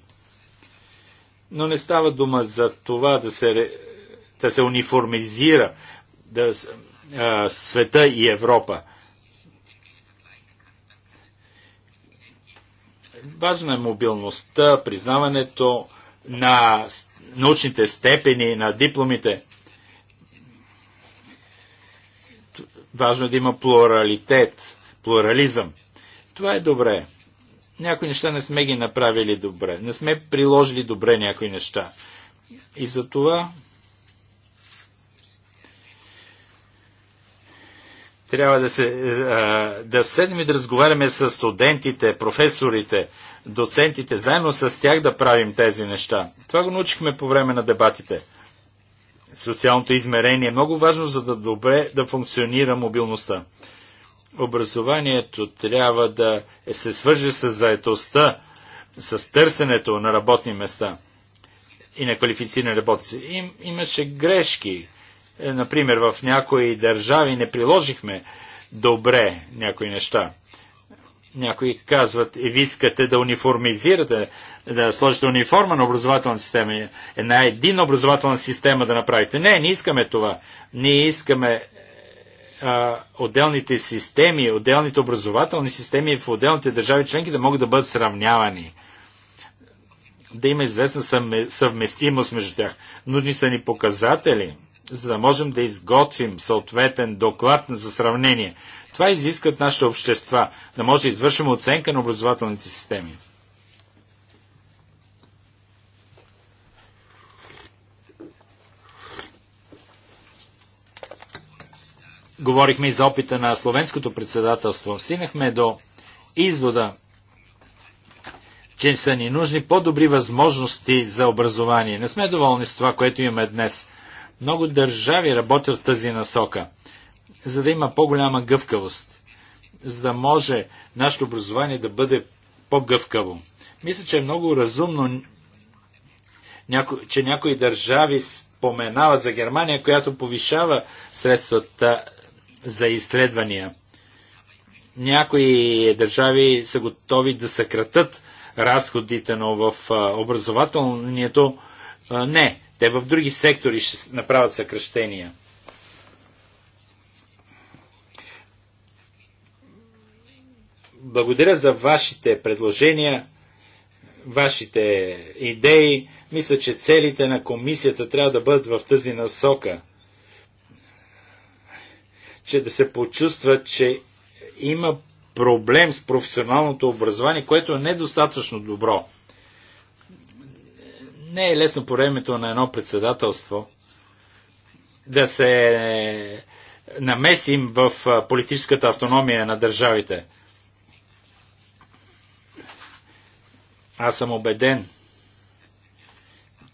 Speaker 2: Но не става дума за това да се, да се униформизира да, а, света и Европа. Важна е мобилността, признаването на научните степени, на дипломите. Важно е да има плуралитет, плурализъм. Това е добре. Някои неща не сме ги направили добре. Не сме приложили добре някои неща. И за това трябва да, се, да седнем и да разговаряме с студентите, професорите, доцентите, заедно с тях да правим тези неща. Това го научихме по време на дебатите. Социалното измерение е много важно, за да добре да функционира мобилността. Образованието трябва да се свърже с заетостта, с търсенето на работни места и на квалифицирани работници. Им, имаше грешки. Е, например, в някои държави не приложихме добре някои неща. Някои казват, и е, ви искате да униформизирате, да сложите униформа на образователната система, една един образователна система да направите. Не, не искаме това. Ние искаме а, отделните системи, отделните образователни системи в отделните държави членки да могат да бъдат сравнявани. Да има известна съвместимост между тях. Нужни са ни показатели, за да можем да изготвим съответен доклад за сравнение. Това изиска от нашите общества да може да извършим оценка на образователните системи. Говорихме и за опита на словенското председателство. Стигнахме до извода, че са ни нужни по-добри възможности за образование. Не сме доволни с това, което имаме днес. Много държави работят в тази насока за да има по-голяма гъвкавост, за да може нашето образование да бъде по-гъвкаво. Мисля, че е много разумно, че някои държави споменават за Германия, която повишава средствата за изследвания. Някои държави са готови да съкратат разходите, но в образователното не. Те в други сектори ще направят съкръщения. Благодаря за вашите предложения, вашите идеи. Мисля, че целите на комисията трябва да бъдат в тази насока. Че да се почувства, че има проблем с професионалното образование, което е недостатъчно добро. Не е лесно по времето на едно председателство да се намесим в политическата автономия на държавите. Аз съм убеден,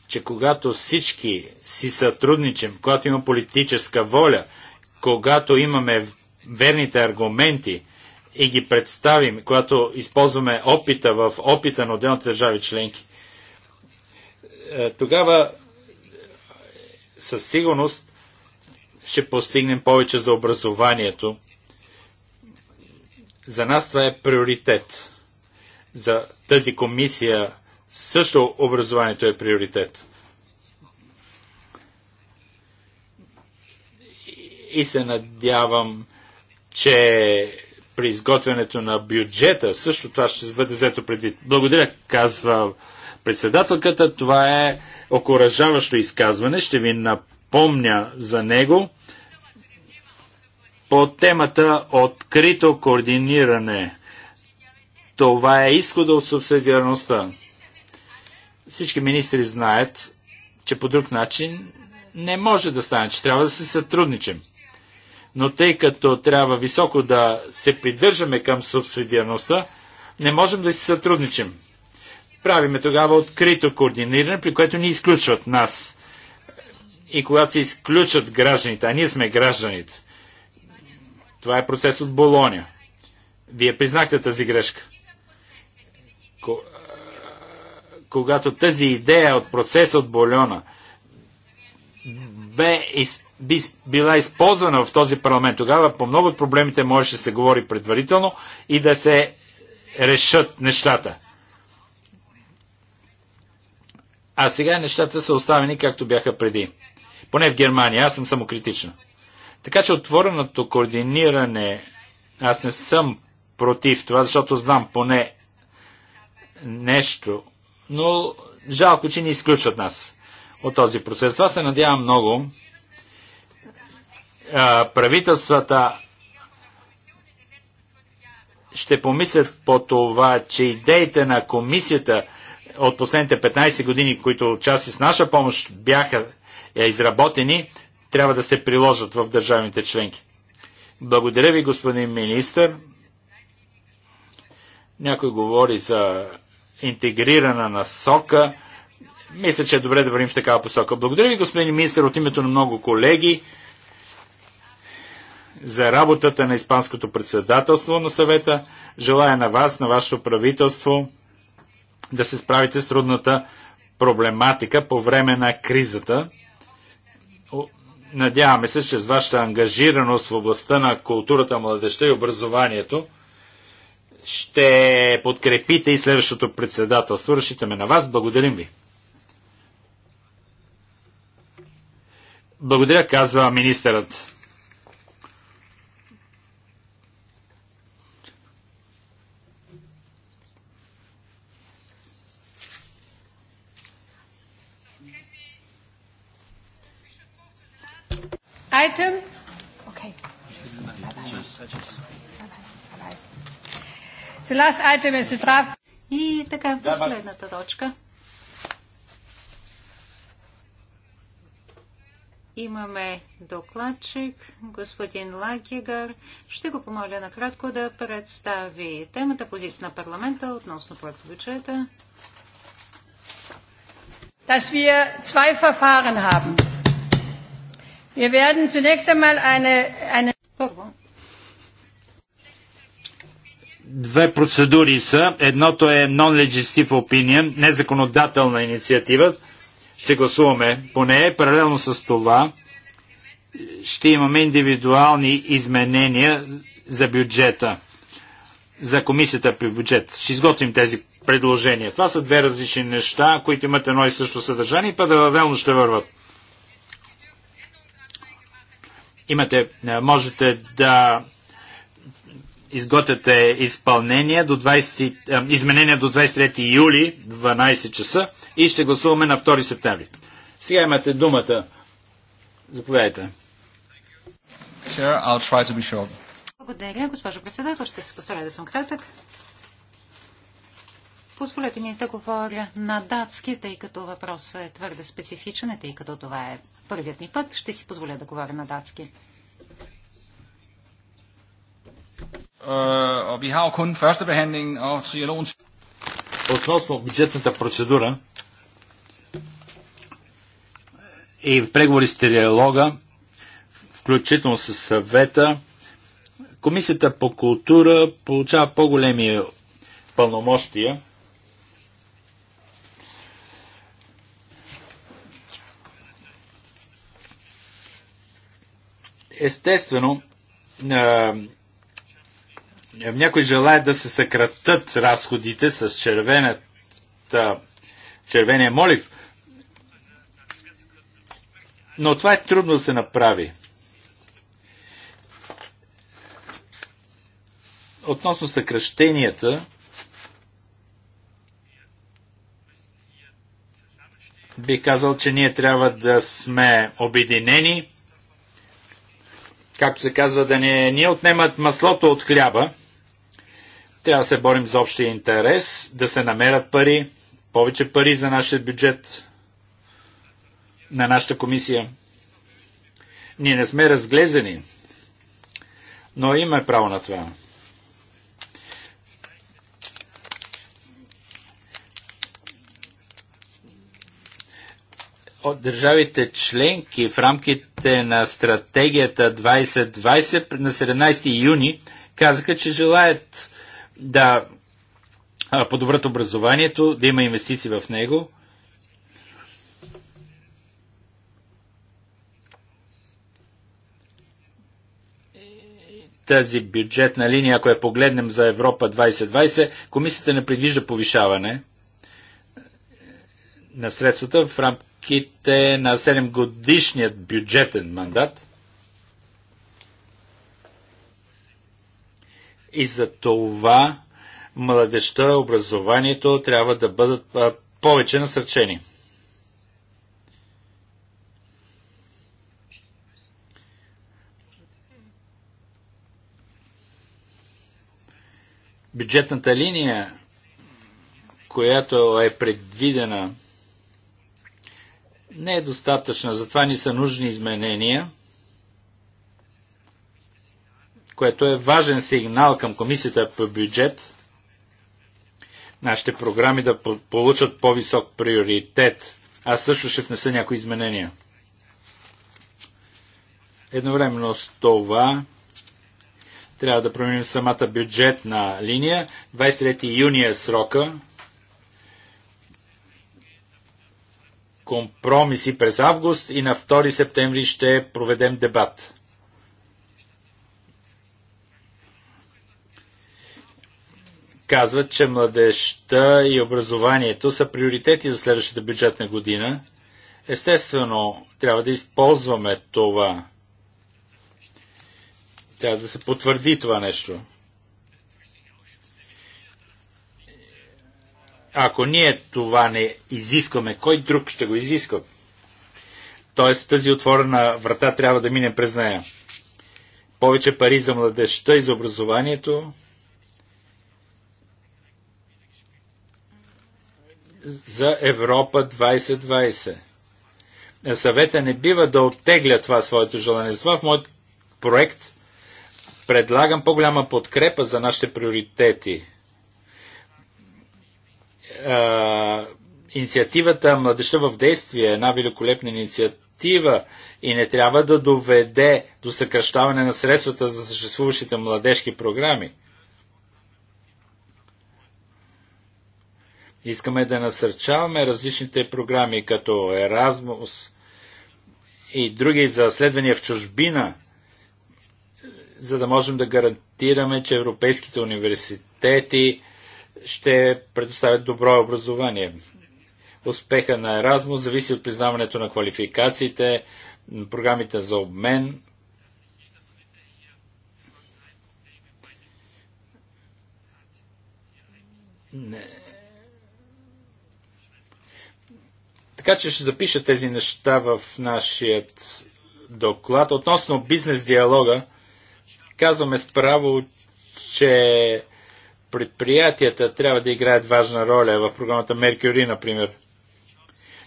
Speaker 2: че когато всички си сътрудничим, когато има политическа воля, когато имаме верните аргументи и ги представим, когато използваме опита в опита на отделните държави членки, е, тогава е, със сигурност ще постигнем повече за образованието. За нас това е приоритет за тази комисия също образованието е приоритет. И се надявам, че при изготвянето на бюджета също това ще бъде взето предвид. Благодаря, казва председателката. Това е окоръжаващо изказване. Ще ви напомня за него по темата открито координиране това е изхода от субсидиарността. Всички министри знаят, че по друг начин не може да стане, че трябва да се сътрудничим. Но тъй като трябва високо да се придържаме към субсидиарността, не можем да си сътрудничим. Правиме тогава открито координиране, при което ни изключват нас. И когато се изключат гражданите, а ние сме гражданите, това е процес от Болония. Вие признахте тази грешка когато тази идея от процеса от Болена бе из, би била използвана в този парламент, тогава по много от проблемите можеше да се говори предварително и да се решат нещата. А сега нещата са оставени както бяха преди. Поне в Германия, аз съм самокритична. Така че отвореното координиране, аз не съм против това, защото знам поне нещо, но жалко, че не изключват нас от този процес. Това се надявам много. правителствата ще помислят по това, че идеите на комисията от последните 15 години, които части с наша помощ бяха е, изработени, трябва да се приложат в държавните членки. Благодаря ви, господин министр. Някой говори за интегрирана насока. Мисля, че е добре да вървим в такава посока. Благодаря ви, господин министр, от името на много колеги за работата на Испанското председателство на съвета. Желая на вас, на вашето правителство да се справите с трудната проблематика по време на кризата. Надяваме се, че с вашата ангажираност в областта на културата, младеща и образованието ще подкрепите и следващото председателство. Разчитаме на вас. Благодарим ви. Благодаря, казва министърът.
Speaker 1: Item И така, последната точка. Имаме докладчик, господин Лагегар. Ще го помоля накратко да представи темата позиция на парламента относно проекта бюджета. Dass wir zwei Verfahren haben. Wir werden zunächst einmal eine, eine... Първо,
Speaker 2: две процедури са. Едното е Non-Legislative Opinion, незаконодателна инициатива. Ще гласуваме по нея. Паралелно с това ще имаме индивидуални изменения за бюджета, за комисията при бюджет. Ще изготвим тези предложения. Това са две различни неща, които имат едно и също съдържание и паралелно ще върват. Имате, можете да изготвяте изпълнение до 20, е, изменение до 23 юли 12 часа и ще гласуваме на 2 септември. Сега имате думата. Заповядайте.
Speaker 1: Благодаря, госпожо председател. Ще се постарая да съм кратък. Позволете ми да говоря на датски, тъй като въпросът е твърде специфичен, тъй като това е първият ми път. Ще си позволя да говоря на датски.
Speaker 2: Øh, og vi har jo kun førstebehandlingen og Относно бюджетната процедура и в преговори с триалога, включително с съвета, Комисията по култура получава по-големи пълномощия. Естествено, е, някой желая да се съкратат разходите с червената, червения молив, но това е трудно да се направи. Относно съкръщенията, би казал, че ние трябва да сме обединени, както се казва, да не ни отнемат маслото от хляба – трябва да се борим за общия интерес, да се намерят пари, повече пари за нашия бюджет на нашата комисия. Ние не сме разглезени, но имаме право на това. от държавите членки в рамките на стратегията 2020 на 17 юни казаха, че желаят да подобрят образованието, да има инвестиции в него. Тази бюджетна линия, ако я погледнем за Европа 2020, комисията не предвижда повишаване на средствата в рамките на 7 годишният бюджетен мандат. И за това младеща, образованието трябва да бъдат повече насърчени. Бюджетната линия, която е предвидена, не е достатъчна. Затова ни са нужни изменения – което е важен сигнал към комисията по бюджет, нашите програми да получат по-висок приоритет. Аз също ще внеса някои изменения. Едновременно с това трябва да променим самата бюджетна линия. 23 юни е срока. Компромиси през август и на 2 септември ще проведем дебат. казват, че младежта и образованието са приоритети за следващата бюджетна година. Естествено, трябва да използваме това. Трябва да се потвърди това нещо. Ако ние това не изискваме, кой друг ще го изисква? Тоест тази отворена врата трябва да мине през нея. Повече пари за младежта и за образованието, за Европа 2020. Съвета не бива да оттегля това своето желание. Затова в моят проект предлагам по-голяма подкрепа за нашите приоритети. инициативата Младеща в действие е една великолепна инициатива и не трябва да доведе до съкръщаване на средствата за съществуващите младежки програми – Искаме да насърчаваме различните програми, като Erasmus и други за следвания в чужбина, за да можем да гарантираме, че европейските университети ще предоставят добро образование. Успеха на Еразмус зависи от признаването на квалификациите, програмите за обмен. Не, Така че ще запиша тези неща в нашият доклад. Относно бизнес диалога, казваме справо, че предприятията трябва да играят важна роля в програмата Mercury, например.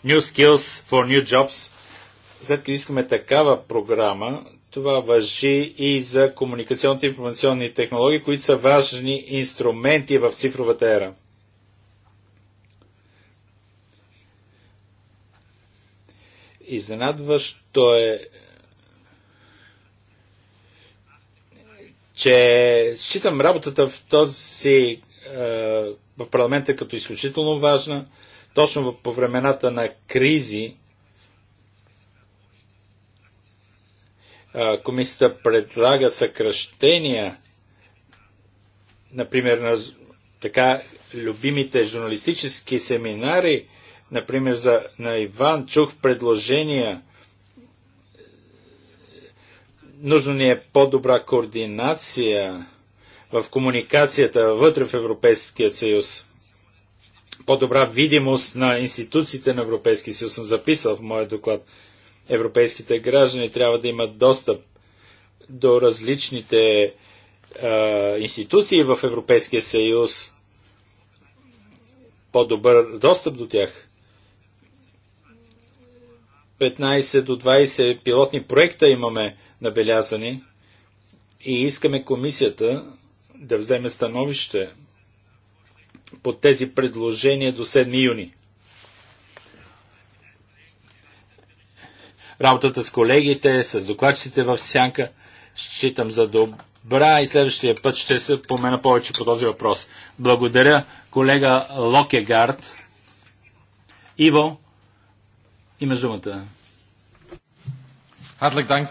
Speaker 2: New Skills for New Jobs. След като искаме такава програма, това въжи и за комуникационните и информационни технологии, които са важни инструменти в цифровата ера. то е, че считам работата в този е, в парламента като изключително важна. Точно по времената на кризи е, комисията предлага съкръщения, например, на така любимите журналистически семинари – Например, за, на Иван чух предложения. Нужно ни е по-добра координация в комуникацията вътре в Европейския съюз. По-добра видимост на институциите на Европейския съюз съм записал в моя доклад. Европейските граждани трябва да имат достъп до различните а, институции в Европейския съюз, по-добър достъп до тях. 15 до 20 пилотни проекта имаме набелязани и искаме комисията да вземе становище по тези предложения до 7 юни. Работата с колегите, с докладчиците в сянка, считам за добра и следващия път ще се помена повече по този въпрос. Благодаря колега Локегард. Иво, Имаш думата. Hartelijk dank,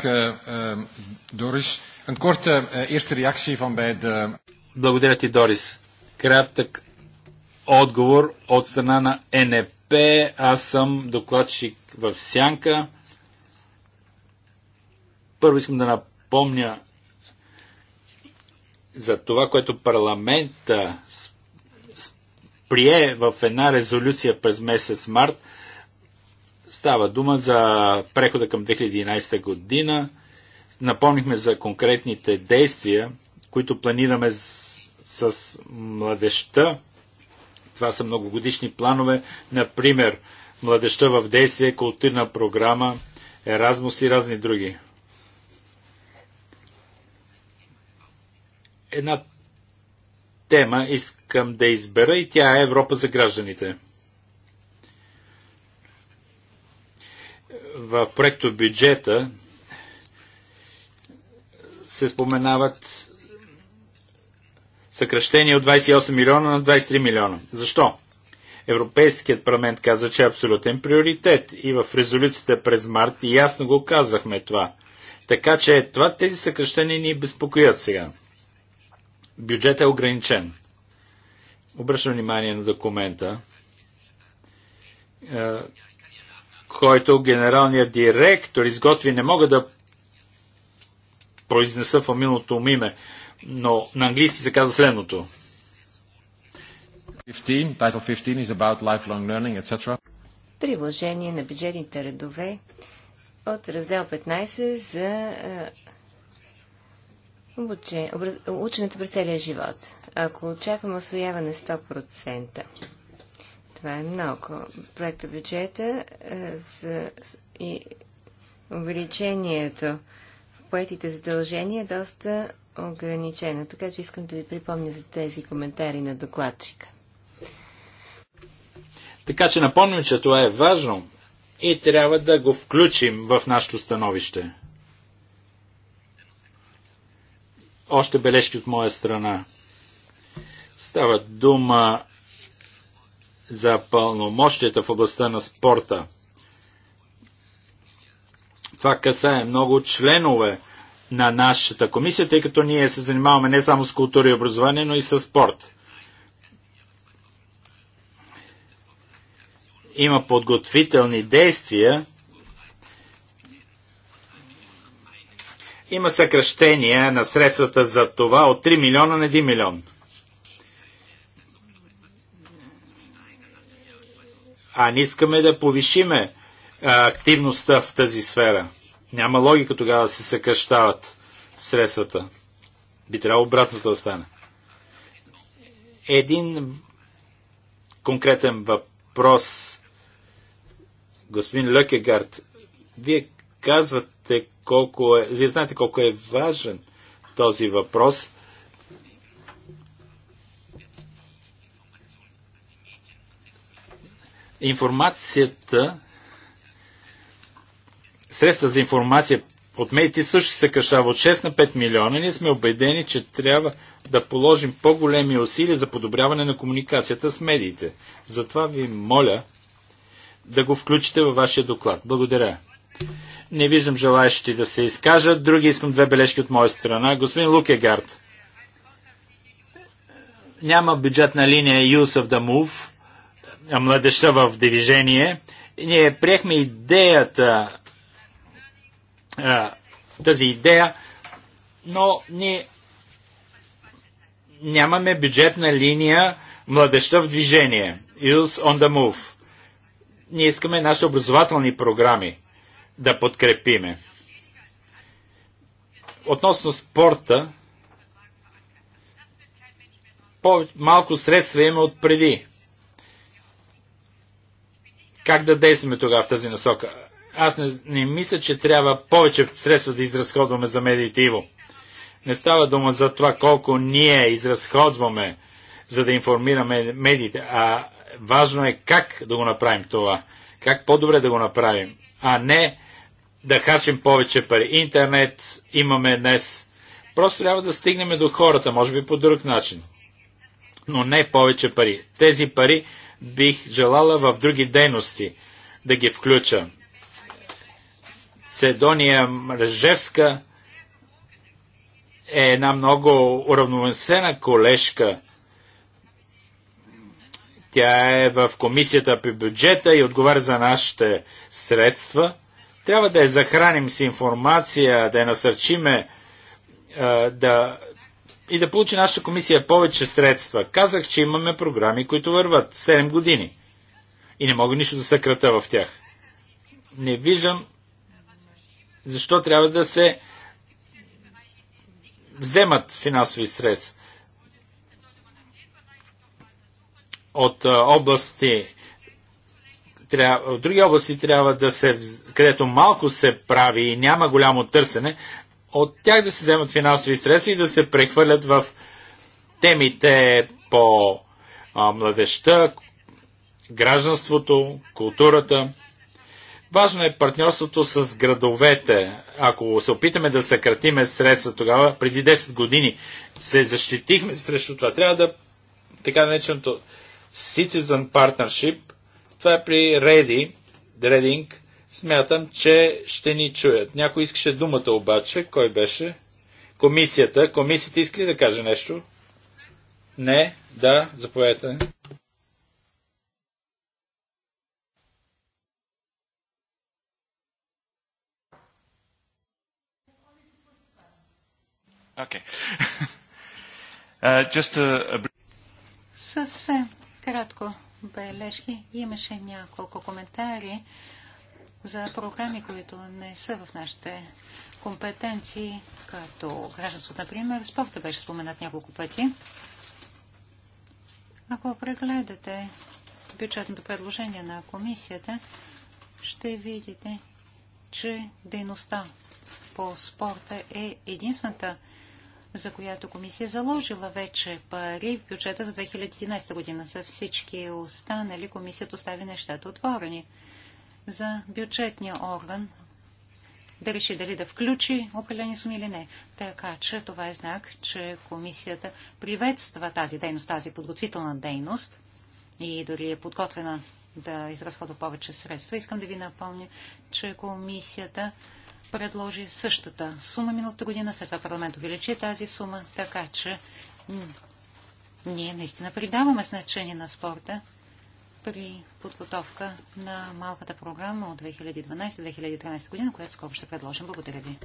Speaker 2: Дорис. Eh, eh, Een korte eh, eerste reactie van bij de... Благодаря ти, Дорис. Кратък отговор от страна на НП. Аз съм докладчик в Сянка. Първо искам да напомня за това, което парламента прие в една резолюция през месец март Става дума за прехода към 2011 година. Напомнихме за конкретните действия, които планираме с, с младеща. Това са многогодишни планове. Например, младеща в действие, културна програма, Еразмус и разни други. Една тема искам да избера и тя е Европа за гражданите – в проекто бюджета се споменават съкръщения от 28 милиона на 23 милиона. Защо? Европейският парламент каза, че е абсолютен приоритет и в резолюцията през март и ясно го казахме това. Така че това тези съкръщения ни безпокоят сега. Бюджет е ограничен. Обръщам внимание на документа, е, който генералният директор изготви. Не мога да произнеса фамилното му име, но на английски се казва следното. 15, title 15 is about lifelong learning, etc.
Speaker 3: Приложение на бюджетните редове от раздел 15 за е, обучение, ученето през целия живот. Ако очакваме освояване 100%, това е много. Проекта бюджета е, за и увеличението в поетите задължения е доста ограничено. Така че искам да ви припомня за тези коментари на докладчика.
Speaker 2: Така че напомням, че това е важно и трябва да го включим в нашето становище. Още бележки от моя страна. Става дума за пълномощията в областта на спорта. Това касае много членове на нашата комисия, тъй като ние се занимаваме не само с култура и образование, но и с спорт. Има подготвителни действия. Има съкръщения на средствата за това от 3 милиона на 1 милион. а не искаме да повишиме а, активността в тази сфера. Няма логика тогава да се съкръщават средствата. Би трябвало обратното да стане. Един конкретен въпрос. Господин Лъкегард, вие казвате колко е, вие знаете колко е важен този въпрос информацията, средства за информация от медиите също се кашава от 6 на 5 милиона. Ние сме убедени, че трябва да положим по-големи усилия за подобряване на комуникацията с медиите. Затова ви моля да го включите във вашия доклад. Благодаря. Не виждам желаящи да се изкажат. Други искам две бележки от моя страна. Господин Лукегард. Няма бюджетна линия Use of the Move младеща в движение. Ние приехме идеята, а, тази идея, но ние нямаме бюджетна линия младеща в движение. Youth on the Move. Ние искаме нашите образователни програми да подкрепиме. Относно спорта, по-малко средства има от преди как да действаме тогава в тази насока? Аз не, не мисля, че трябва повече средства да изразходваме за медиите Иво. Не става дума за това колко ние изразходваме, за да информираме медиите, а важно е как да го направим това. Как по-добре да го направим, а не да харчим повече пари. Интернет имаме днес. Просто трябва да стигнем до хората, може би по друг начин. Но не повече пари. Тези пари бих желала в други дейности да ги включа. Седония Мрежевска е една много уравновесена колежка. Тя е в комисията по бюджета и отговаря за нашите средства. Трябва да я захраним с информация, да я насърчиме да и да получи нашата комисия повече средства. Казах, че имаме програми, които върват 7 години. И не мога нищо да съкрата в тях. Не виждам защо трябва да се вземат финансови средства от области трябва, от други области трябва да се, където малко се прави и няма голямо търсене, от тях да се вземат финансови средства и да се прехвърлят в темите по а, младеща, гражданството, културата. Важно е партньорството с градовете. Ако се опитаме да съкратиме средства тогава, преди 10 години се защитихме срещу това. Трябва да, така нареченото Citizen Partnership, това е при Reading, Reading Смятам, че ще ни чуят. Някой искаше думата обаче. Кой беше? Комисията. Комисията иска ли да каже нещо? Не? Да? Заповядайте. Okay.
Speaker 3: uh, just
Speaker 1: a... Съвсем кратко бележки. Имаше няколко коментари за програми, които не са в нашите компетенции, като гражданство, например. Спорта беше споменат няколко пъти. Ако прегледате бюджетното предложение на комисията, ще видите, че дейността по спорта е единствената, за която комисия е заложила вече пари в бюджета за 2011 година. За всички останали комисията остави нещата отворени за бюджетния орган да реши дали да включи определени суми или не. Така че това е знак, че комисията приветства тази дейност, тази подготвителна дейност и дори е подготвена да изразходва повече средства. Искам да ви напомня, че комисията предложи същата сума миналата година, след това парламент увеличи тази сума, така че ние наистина придаваме значение на спорта при подготовка на малката програма от 2012-2013 година, която скоро ще предложим. Благодаря ви.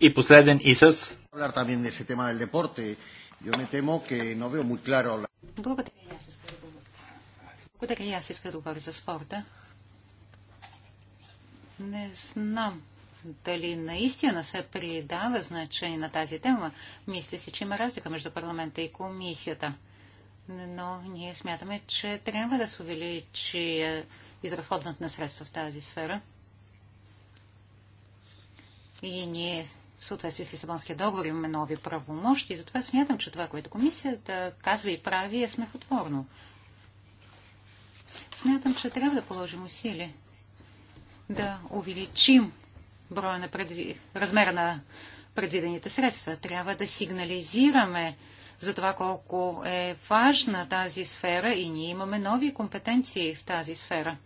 Speaker 2: И последен Исъс. Благодаря и
Speaker 1: аз Благодаря и аз искам да говоря за спорта. Не знам дали наистина се придава значение на тази тема. Мисля си, че има разлика между парламента и комисията но ние смятаме, че трябва да се увеличи е, изразходването на средства в тази сфера. И ние в съответствие с Лисабонския договор имаме нови правомощи и затова смятам, че това, което комисията казва и прави, е смехотворно. Смятам, че трябва да положим усилия да увеличим броя на предви... размера на предвидените средства. Трябва да сигнализираме за това колко е важна тази сфера и ние имаме нови компетенции в тази сфера.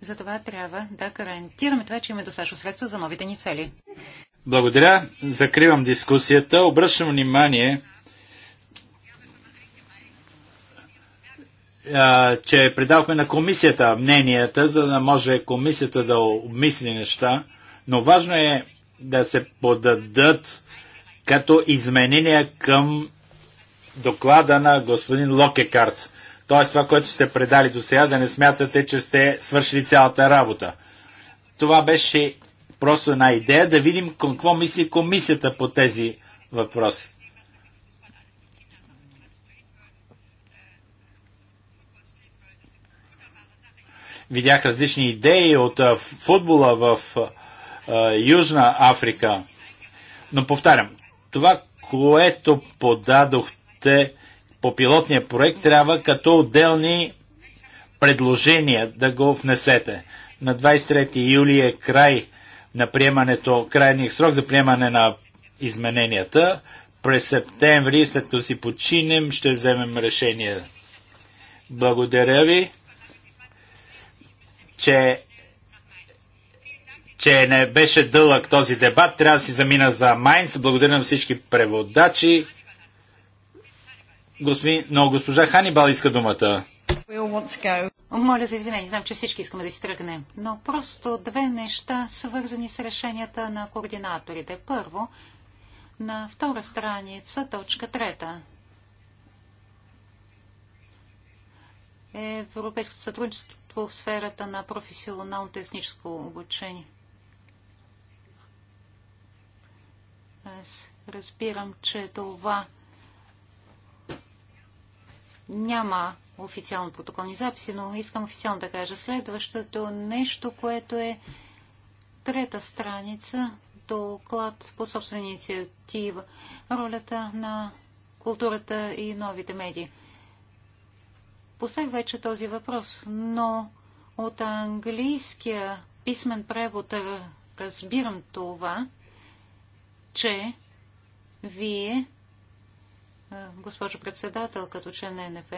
Speaker 1: Затова трябва да гарантираме това, че имаме достатъчно средства за новите ни цели.
Speaker 2: Благодаря. Закривам дискусията. Обръщам внимание, че предавахме на комисията мненията, за да може комисията да обмисли неща, но важно е да се подадат като изменения към доклада на господин Локекарт. Тоест това, което сте предали до сега, да не смятате, че сте свършили цялата работа. Това беше просто една идея да видим какво мисли комисията по тези въпроси. Видях различни идеи от футбола в Южна Африка. Но повтарям, това, което подадох те по пилотния проект трябва като отделни предложения да го внесете. На 23 юли е край на приемането, крайния срок за приемане на измененията. През септември, след като си починем, ще вземем решение. Благодаря ви, че, че не беше дълъг този дебат. Трябва да си замина за Майнц. Благодаря на всички преводачи. Господин, но госпожа Ханибал иска думата.
Speaker 1: Моля за извинение, знам, че всички искаме да си тръгнем, но просто две неща свързани с решенията на координаторите. Първо, на втора страница, точка трета. Европейското сътрудничество в сферата на професионално-техническо обучение. Аз разбирам, че това няма официално протоколни записи, но искам официално да кажа следващото нещо, което е трета страница, доклад по собствена инициатива, ролята на културата и новите медии. Поставих вече този въпрос, но от английския писмен превод разбирам това, че вие госпожо председател, като член на НФ,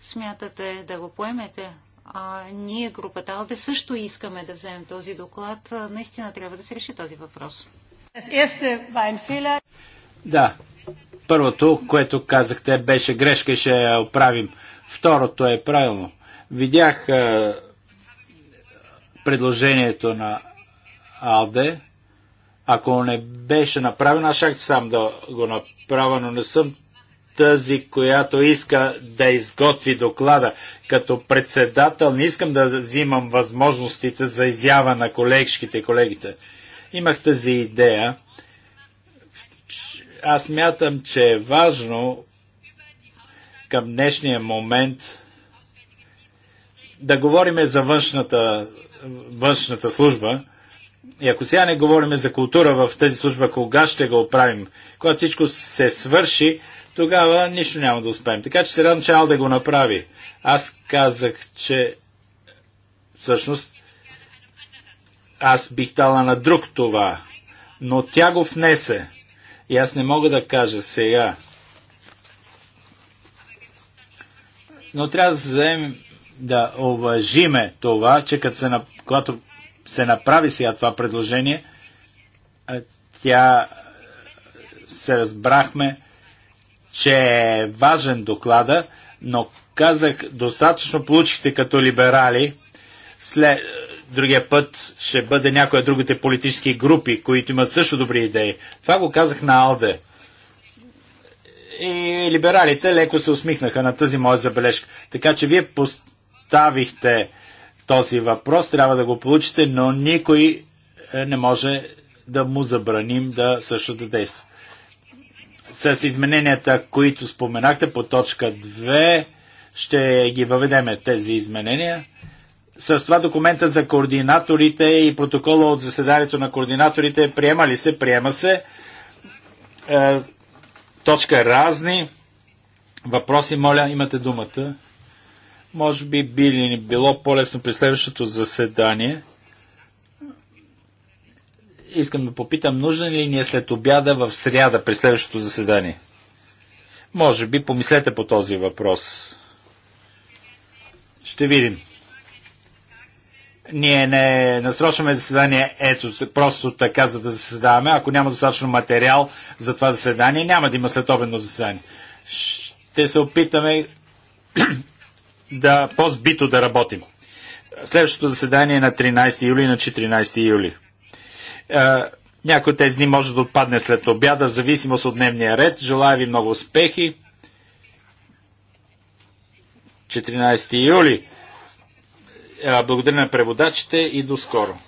Speaker 1: смятате да го поемете? А ние, групата АЛДЕ, също искаме да вземем този доклад. Наистина трябва да се реши този въпрос.
Speaker 2: Да, първото, което казахте, беше грешка и ще я оправим. Второто е правилно. Видях предложението на АЛДЕ, ако не беше направено, аз щях сам да го направя, но не съм тази, която иска да изготви доклада. Като председател не искам да взимам възможностите за изява на колегшките и колегите. Имах тази идея. Аз мятам, че е важно към днешния момент да говориме за външната, външната служба, и ако сега не говорим за култура в тази служба, кога ще го оправим? Когато всичко се свърши, тогава нищо няма да успеем. Така че се радвам, че Ал да го направи. Аз казах, че всъщност аз бих дала на друг това, но тя го внесе. И аз не мога да кажа сега. Но трябва да се вземем, да уважиме това, че като се, когато се направи сега това предложение, тя се разбрахме, че е важен доклада, но казах, достатъчно получихте като либерали. След другия път ще бъде някоя от другите политически групи, които имат също добри идеи. Това го казах на Алде. И либералите леко се усмихнаха на тази моя забележка. Така че вие поставихте този въпрос, трябва да го получите, но никой е, не може да му забраним да също да действа. С измененията, които споменахте по точка 2, ще ги въведеме тези изменения. С това документа за координаторите и протокола от заседанието на координаторите приема ли се? Приема се. Е, точка разни. Въпроси, моля, имате думата. Може би би ни било по-лесно при следващото заседание. Искам да попитам, нужен ли ни е след обяда в сряда при следващото заседание? Може би помислете по този въпрос. Ще видим. Ние не насрочваме заседание ето просто така, за да заседаваме. Ако няма достатъчно материал за това заседание, няма да има следобедно заседание. Ще се опитаме да по-сбито да работим. Следващото заседание е на 13 юли и на 14 юли. Някои от тези дни може да отпадне след обяда, в зависимост от дневния ред. Желая ви много успехи. 14 юли. Благодаря на преводачите и до скоро.